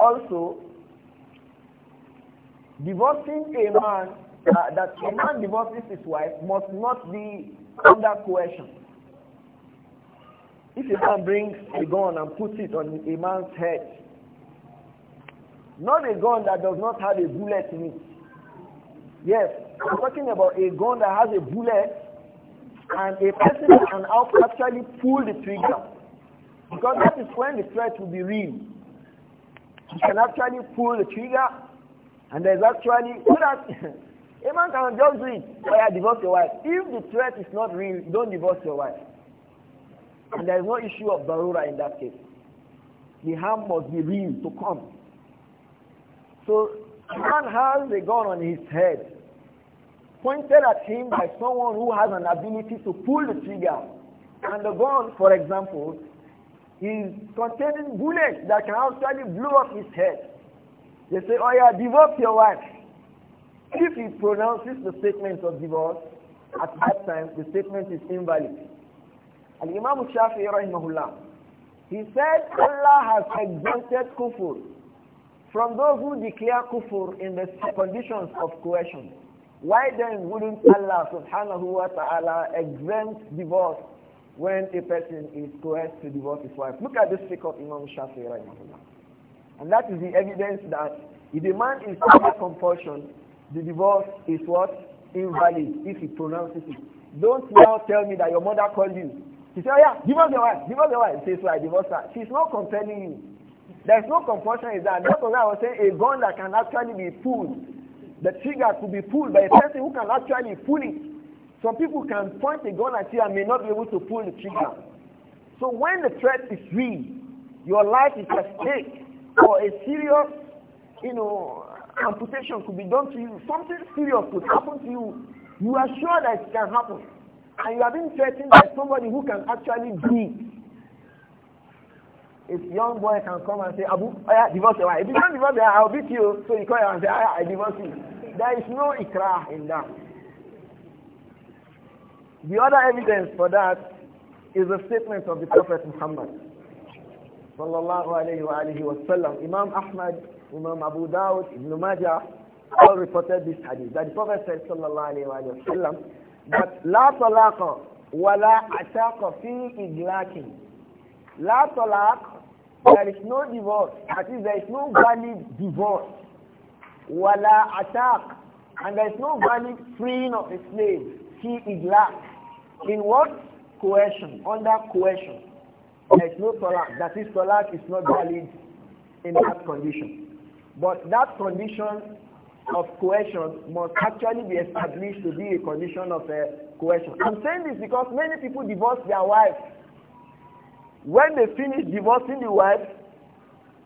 Also, divorcing a man uh, that a man divorces his wife must not be under coercion. If a man brings a gun and puts it on a man's head not a gun that does not have a bullet in it. Yes, I'm talking about a gun that has a bullet and a person can actually pull the trigger. Because that is when the threat will be real. You can actually pull the trigger and there's actually so that a man can just do it. I oh, divorce your wife. If the threat is not real, you don't divorce your wife. And there is no issue of barura in that case. The harm must be real to come. So man has a gun on his head pointed at him by someone who has an ability to pull the trigger. And the gun, for example, is containing bullets that can actually blow up his head. They say, oh yeah, divorce your wife. If he pronounces the statement of divorce, at that time, the statement is invalid. And Imam Shafi'i, he said, Allah has exempted kufr from those who declare kufur in the conditions of coercion, why then wouldn't Allah subhanahu wa ta'ala exempt divorce when a person is coerced to divorce his wife? Look at this fiqh of Imam Shafi'i And that is the evidence that if a man is under compulsion, the divorce is what? Invalid, if he pronounces it. Don't now tell me that your mother called you. She said, oh yeah, divorce your wife, divorce your wife. She says, well, I divorced her. She's not compelling you. There's no compulsion in that. That's why I was saying a gun that can actually be pulled. The trigger could be pulled by a person who can actually pull it. Some people can point a gun at you and may not be able to pull the trigger. So when the threat is real, your life is at stake, or a serious, you know, amputation could be done to you, something serious could happen to you, you are sure that it can happen. And you are being threatened by somebody who can actually do it if young boy can come and say, Abu, oh yeah, divorce your wife. If you can't divorce your I'll beat you. So you call him and say, oh yeah, I divorce you. There is no ikra in that. The other evidence for that is the statement of the Prophet Muhammad. Sallallahu alayhi wa alayhi wa sallam. Imam Ahmad, Imam Abu Dawud, Ibn Majah all reported this hadith. That the Prophet said, sallallahu alayhi wa, alayhi wa sallam, that la talaqa wa la ataqa fi iglakin. La talaq there is no divorce. That is, there is no valid divorce. Wala attack. And there is no valid freeing of a slave. He is locked In what? Coercion. Under coercion. There is no talaq. That is, talaq is not valid in that condition. But that condition of coercion must actually be established to be a condition of a uh, coercion. I'm saying this because many people divorce their wives when they finish divorcing the wife,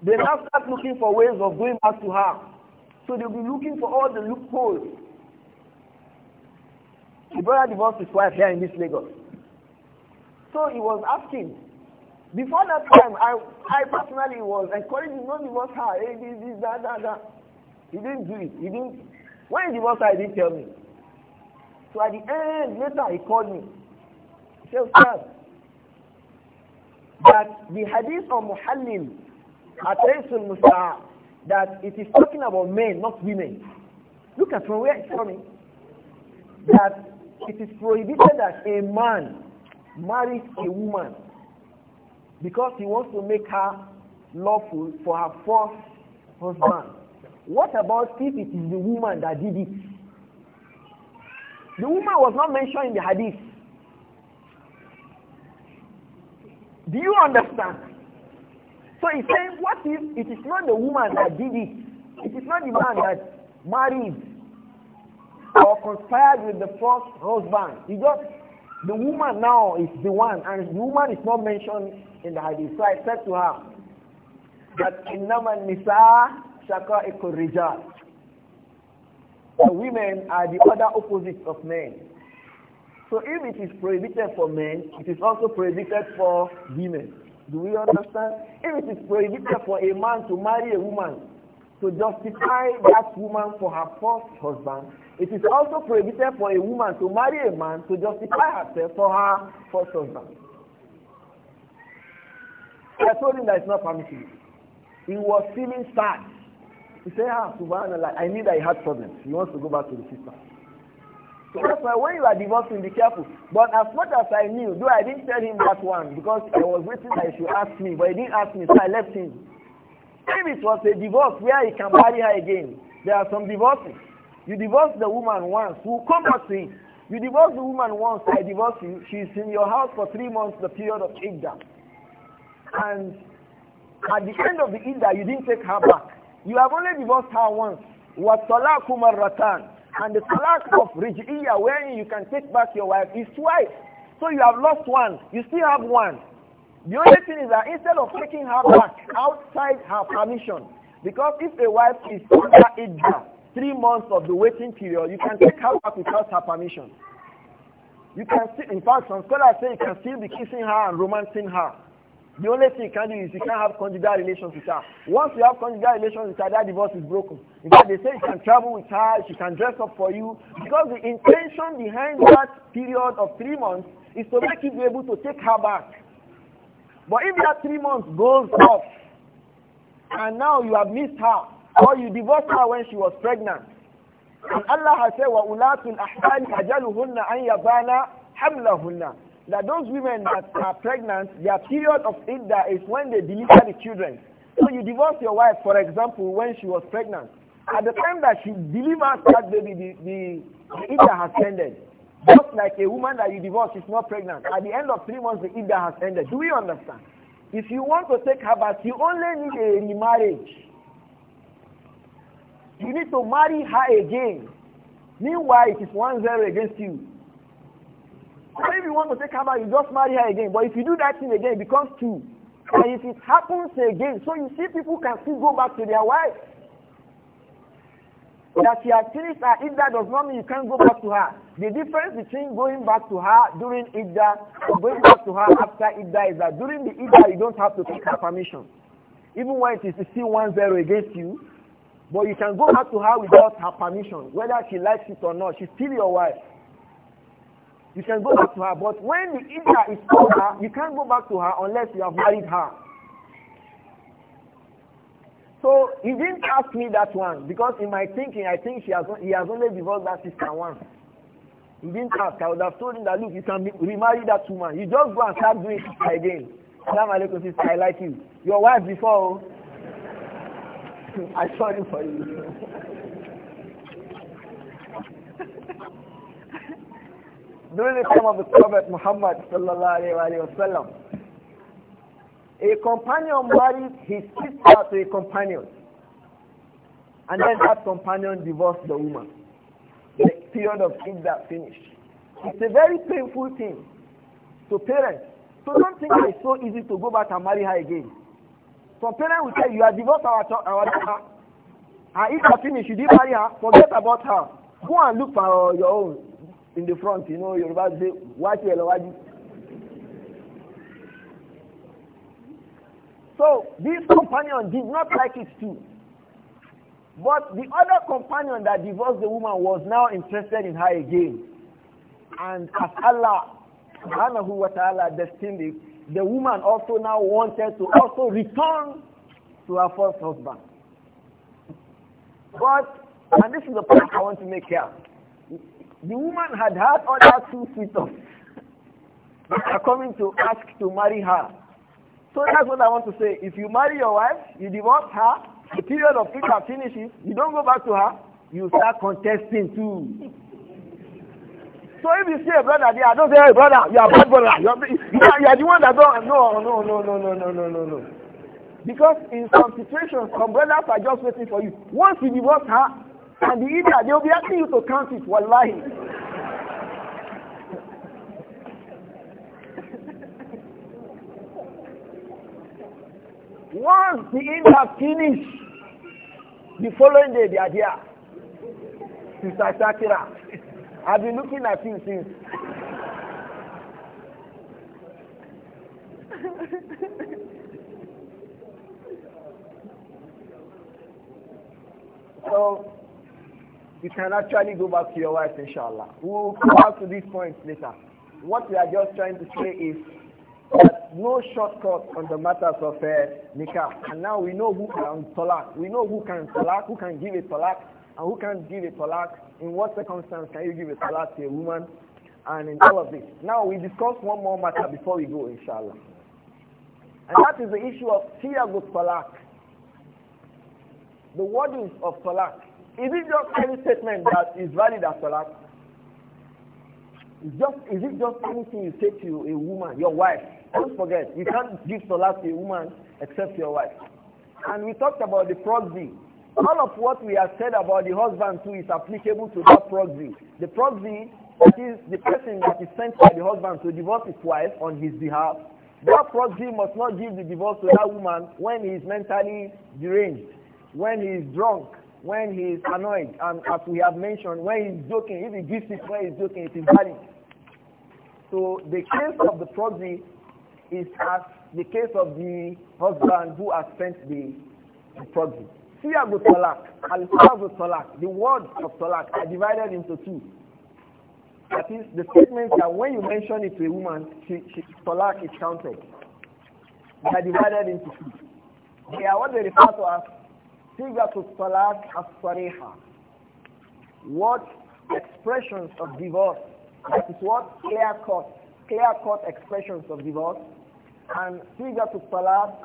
they now start looking for ways of going back to her. So they'll be looking for all the loopholes. The brother divorced his wife here in this Lagos. So he was asking. Before that time, I, I personally was encouraging no divorce her. Hey, this, this, that, that, that. He didn't do it. He didn't. When he divorced her, he didn't tell me. So at the end, later, he called me. He said, that the hadith of Muhallim at Raisul Musta'ab, that it is talking about men, not women. Look at from where it's coming. That it is prohibited that a man marries a woman because he wants to make her lawful for her first husband. What about if it is the woman that did it? The woman was not mentioned in the hadith. Do you understand? So he's saying, what if it is not the woman that did it? It is not the man that married or conspired with the first husband. He just, the woman now is the one, and the woman is not mentioned in the hadith. So I said to her that Innaman Nisa Shaka Rijal. The women are the other opposite of men. So if it is prohibited for men, it is also prohibited for women. Do we understand? If it is prohibited for a man to marry a woman to justify that woman for her first husband, it is also prohibited for a woman to marry a man to justify herself for her first husband. I told him that it's not permissible. He was feeling sad. He said, ah, subhanallah, I knew that he had problems. He wants to go back to the sister. So that's why when you are divorcing, be careful. But as much as I knew, though I didn't tell him that one because I was waiting that he should ask me, but he didn't ask me, so I left him. If it was a divorce where he can marry her again, there are some divorces. You divorce the woman once, Who comes come back to it. You divorce the woman once, I divorce you. She's in your house for three months, the period of Iddah. And at the end of the Iddah, you didn't take her back. You have only divorced her once. وَالطَّلَاقُ مَرَّتَانِ and the lack of Rijiyah when you can take back your wife is twice. So you have lost one. You still have one. The only thing is that instead of taking her back outside her permission, because if a wife is under age, three months of the waiting period, you can take her back without her permission. You can still, in fact, some scholars say you can still be kissing her and romancing her. The only thing you can do is you can't have conjugal relations with her. Once you have conjugal relations with her, that divorce is broken. In fact, they say you can travel with her, she can dress up for you. Because the intention behind that period of three months is to make you be able to take her back. But if that three months goes off, and now you have missed her, or you divorced her when she was pregnant, and Allah has said, وَأُولَاتُ الْأَحْمَالِ أَجَلُهُنَّ أَنْ يَبَانَ حَمْلَهُنَّ that those women that are pregnant, their period of idda is when they deliver the children. So you divorce your wife, for example, when she was pregnant. At the time that she delivers that baby, the, the, the idda has ended. Just like a woman that you divorce is not pregnant. At the end of three months, the idda has ended. Do we understand? If you want to take her back, you only need a remarriage. You need to marry her again. Meanwhile, it is one zero against you. Maybe if you want to take her back, you just marry her again. But if you do that thing again, it becomes two. And if it happens again, so you see people can still go back to their wife. That she has finished her idda does not mean you can't go back to her. The difference between going back to her during idda and going back to her after idda is that during the idda you don't have to take her permission. Even when it is still one zero against you, but you can go back to her without her permission, whether she likes it or not. She's still your wife you can go back to her. But when the India is over, you can't go back to her unless you have married her. So he didn't ask me that one because in my thinking, I think she has he has only divorced that sister once. He didn't ask. I would have told him that look, you can remarry that woman. You just go and start doing it again. Salam alaikum, sister. I like you. Your wife before. Oh. I sorry for you. during the time of the Prophet Muhammad wasallam, a companion married his sister to a companion, and then that companion divorced the woman. The period of that finished. It's a very painful thing to parents. So don't think it's so easy to go back and marry her again. Some parents will say, you have divorced our our daughter. And if you happy you didn't marry her, forget about her. Go and look for your own in the front, you know, Yoruba say, watch your So this companion did not like it too. But the other companion that divorced the woman was now interested in her again. And as Allah subhanahu wa ta'ala destined it, the woman also now wanted to also return to her first husband. But, and this is the point I want to make here. The woman had had other two suitors that are coming to ask to marry her. So that's what I want to say. If you marry your wife, you divorce her, the period of Peter finishes, you don't go back to her, you start contesting too. So if you see a brother there, don't say, hey brother, you are bad brother. You are, you are the one that don't. No, no, no, no, no, no, no, no, no. Because in some situations, some brothers are just waiting for you. Once you divorce her, and the idiot, they'll be asking you to count it, wallahi. Once the end have finished, the following day they are there. Sister Shakira, I've been looking at you since. so you can actually go back to your wife, inshallah. We'll come back to these points later. What we are just trying to say is that no shortcut on the matters of uh, nikah. And now we know who can talak. We know who can talak, who can give a talak, and who can give a talak. In what circumstance can you give a talak to a woman? And in all of this. Now we discuss one more matter before we go, inshallah. And that is the issue of siyagul talak. The wordings of talak. Is it just any statement that is valid as salat? Is just is it just anything you say to a woman, your wife? Don't forget, you can't give salat to a woman except your wife. And we talked about the proxy. All of what we have said about the husband too is applicable to that proxy. The proxy that is the person that is sent by the husband to divorce his wife on his behalf. That proxy must not give the divorce to that woman when he is mentally deranged, when he is drunk, when he is annoyed, and as we have mentioned, when he is joking, if he gives it when he is joking, it is valid. So the case of the proxy is as the case of the husband who has sent the, the proxy. Siyagu talak, al-fagu talak, the words of talak are divided into two. That is the statement that when you mention it to a woman, she, she, talak is counted. They are divided into two. They are what they refer to as Sigatu Salat As-Sariha. What expressions of divorce? That is what clear-cut, clear-cut expressions of divorce. And Sigatu Salat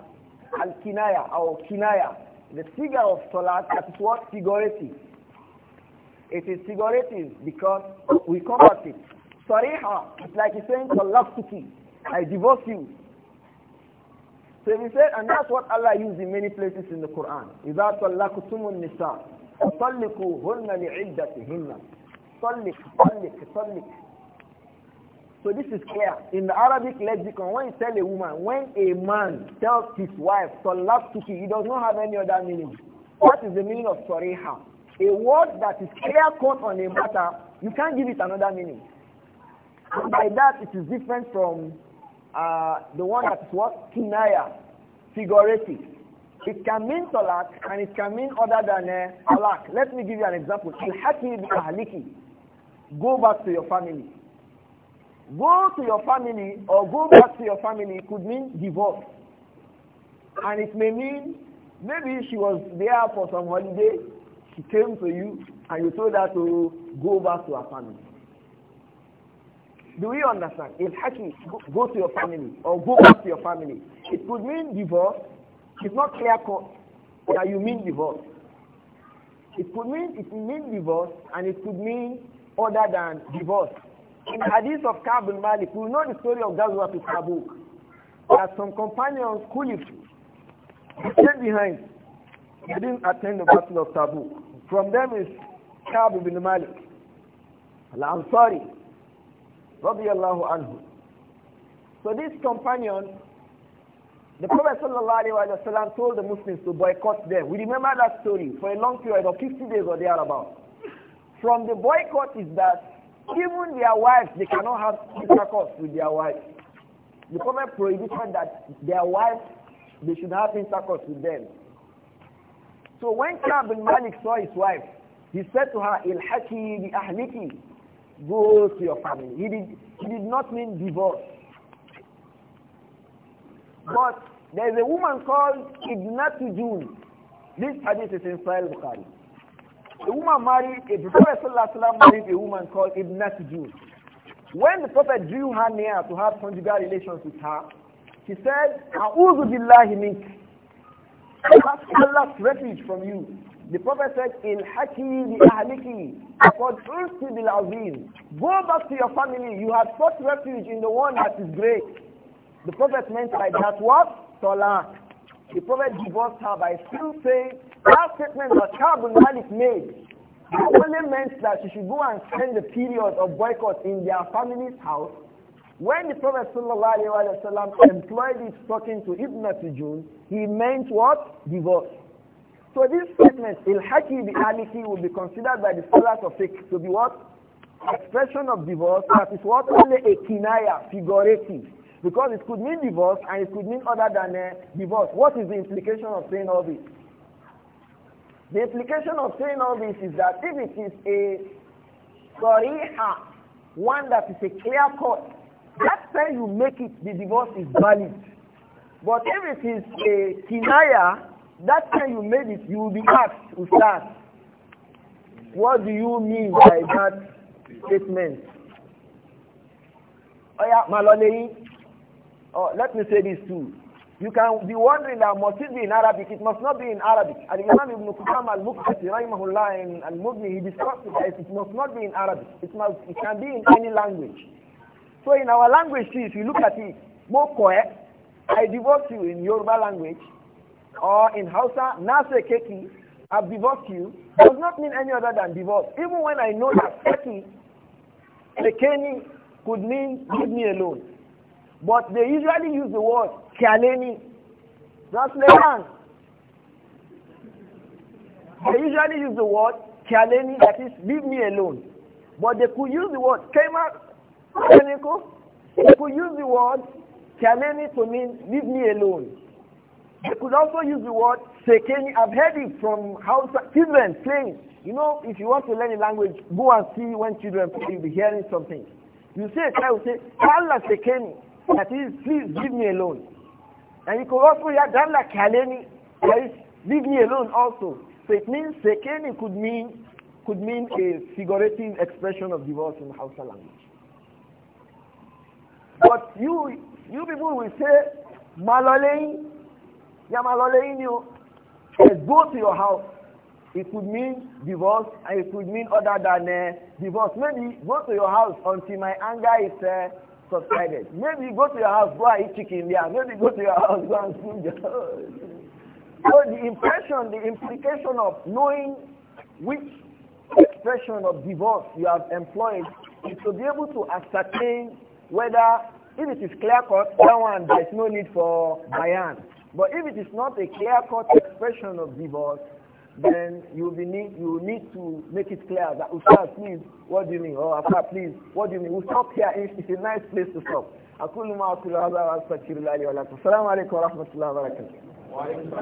Al-Kinaya or Kinaya. The figure of Salat, that is what figurative. It is figurative because we convert it. Sariha, it's like he's saying, I divorce you. So he said, and that's what Allah used in many places in the Quran. إِذَا طَلَّقْتُمُ النِّسَاءَ فَطَلِّقُوهُنَّ لِعِدَّتِهِنَّ طَلِّقْ طَلِّقْ طَلِّقْ So this is clear. In the Arabic lexicon, when you tell a woman, when a man tells his wife, طَلَّقْتُكِ, he does not have any other meaning. What is the meaning of صَرِيحَةً? A word that is clear cut on a matter, you can't give it another meaning. And by that, it is different from uh, the one that is what? Kinaya, figurative. It can mean talak and it can mean other than uh, talak. Let me give you an example. Ilhaki bi Go back to your family. Go to your family or go back to your family could mean divorce. And it may mean maybe she was there for some holiday, she came to you and you told her to go back to her family. Do we understand? If haki, go to your family or go back to your family. It could mean divorce. It's not clear cut that you mean divorce. It could mean it could mean divorce and it could mean other than divorce. In the hadith of Kabul malik we know the story of Ghazwa to Tabuk. That some companions, who, Khulif, stayed behind. They didn't attend the battle of Tabuk. From them is Kabul bin Malik. I'm sorry radiallahu anhu. So this companion, the Prophet sallallahu told the Muslims to boycott them. We remember that story for a long period of 50 days or thereabout. From the boycott is that even their wives, they cannot have intercourse with their wives. The Prophet prohibited that their wives, they should have intercourse with them. So when Ka'b bin Malik saw his wife, he said to her, Ilhaki bi ahliki, Go to your family. He did, he did not mean divorce. But there is a woman called Ibnatu June. This hadith is in Sahih Bukhari. A woman married, a Prophet married a woman called Ibnatu June. When the Prophet drew her near to have conjugal relations with her, she said, A'udhu billahi mink. Ask Allah's refuge from you. The Prophet said, In Haki bi ahliki, for bil aziz. Go back to your family. You have sought refuge in the one that is great. The Prophet meant by that what? Talaq. The Prophet divorced her by still saying that statement that Kabul Malik made it only meant that she should go and spend the period of boycott in their family's house. When the Prophet ﷺ employed it talking to Ibn Sujun, he meant what? Divorce. So this statement, il-haki bi-aliki, will be considered by the scholars of fiqh to be what? Expression of divorce that is what only a kinaya, figurative. Because it could mean divorce and it could mean other than a uh, divorce. What is the implication of saying all this? The implication of saying all this is that if it is a sariha, one that is a clear cut, that time you make it, the divorce is valid. But if it is a kinaya, that time you made it, you will be asked, Ustaz, what do you mean by that statement? Oh yeah, Maloney. Oh, let me say this too. You can be wondering that must it be in Arabic? It must not be in Arabic. And Imam Ibn Qudam al-Muqtasi, rahimahullah, in al he discussed it it must not be in Arabic. It must, it can be in any language. So in our language, if you look at it, more correct, I divorce you in Yoruba language, or in Hausa, Nase Keki, I've divorced you, does not mean any other than divorce. Even when I know that Keki, Kekeni could mean leave me alone. But they usually use the word Kialeni. That's Lehan. They usually use the word Kialeni, that is, leave me alone. But they could use the word Kema, They could use the word Kialeni to mean leave me alone. I could also use the word sekeni. I've heard it from house children playing. You know, if you want to learn a language, go and see when children play, you'll be hearing something. You say a child will say, "Kala sekeni. That is, please leave me alone. And you could also hear Dalla kaleni. That is, leave me alone also. So it means sekeni could mean could mean a figurative expression of divorce in Hausa language. But you you people will say malolein Yamalole in you. Let's go to your house. It could mean divorce, and it could mean other than uh, divorce. Maybe go to your house until my anger is uh, subsided. Maybe go to your house, go and eat chicken there. Maybe go to your house, go and So the impression, the implication of knowing which expression of divorce you have employed is to be able to ascertain whether if it is clear cut, that one there's no need for bayan. But if it is not a clear-cut expression of divorce, then you will need need to make it clear that Ustaz, please, what do you mean? Oh, oh, Afa, please, what do you mean? We'll stop here. It's, a nice place to stop. أقول ما أقول هذا وأستغفر الله لي ولكم السلام عليكم ورحمة الله وبركاته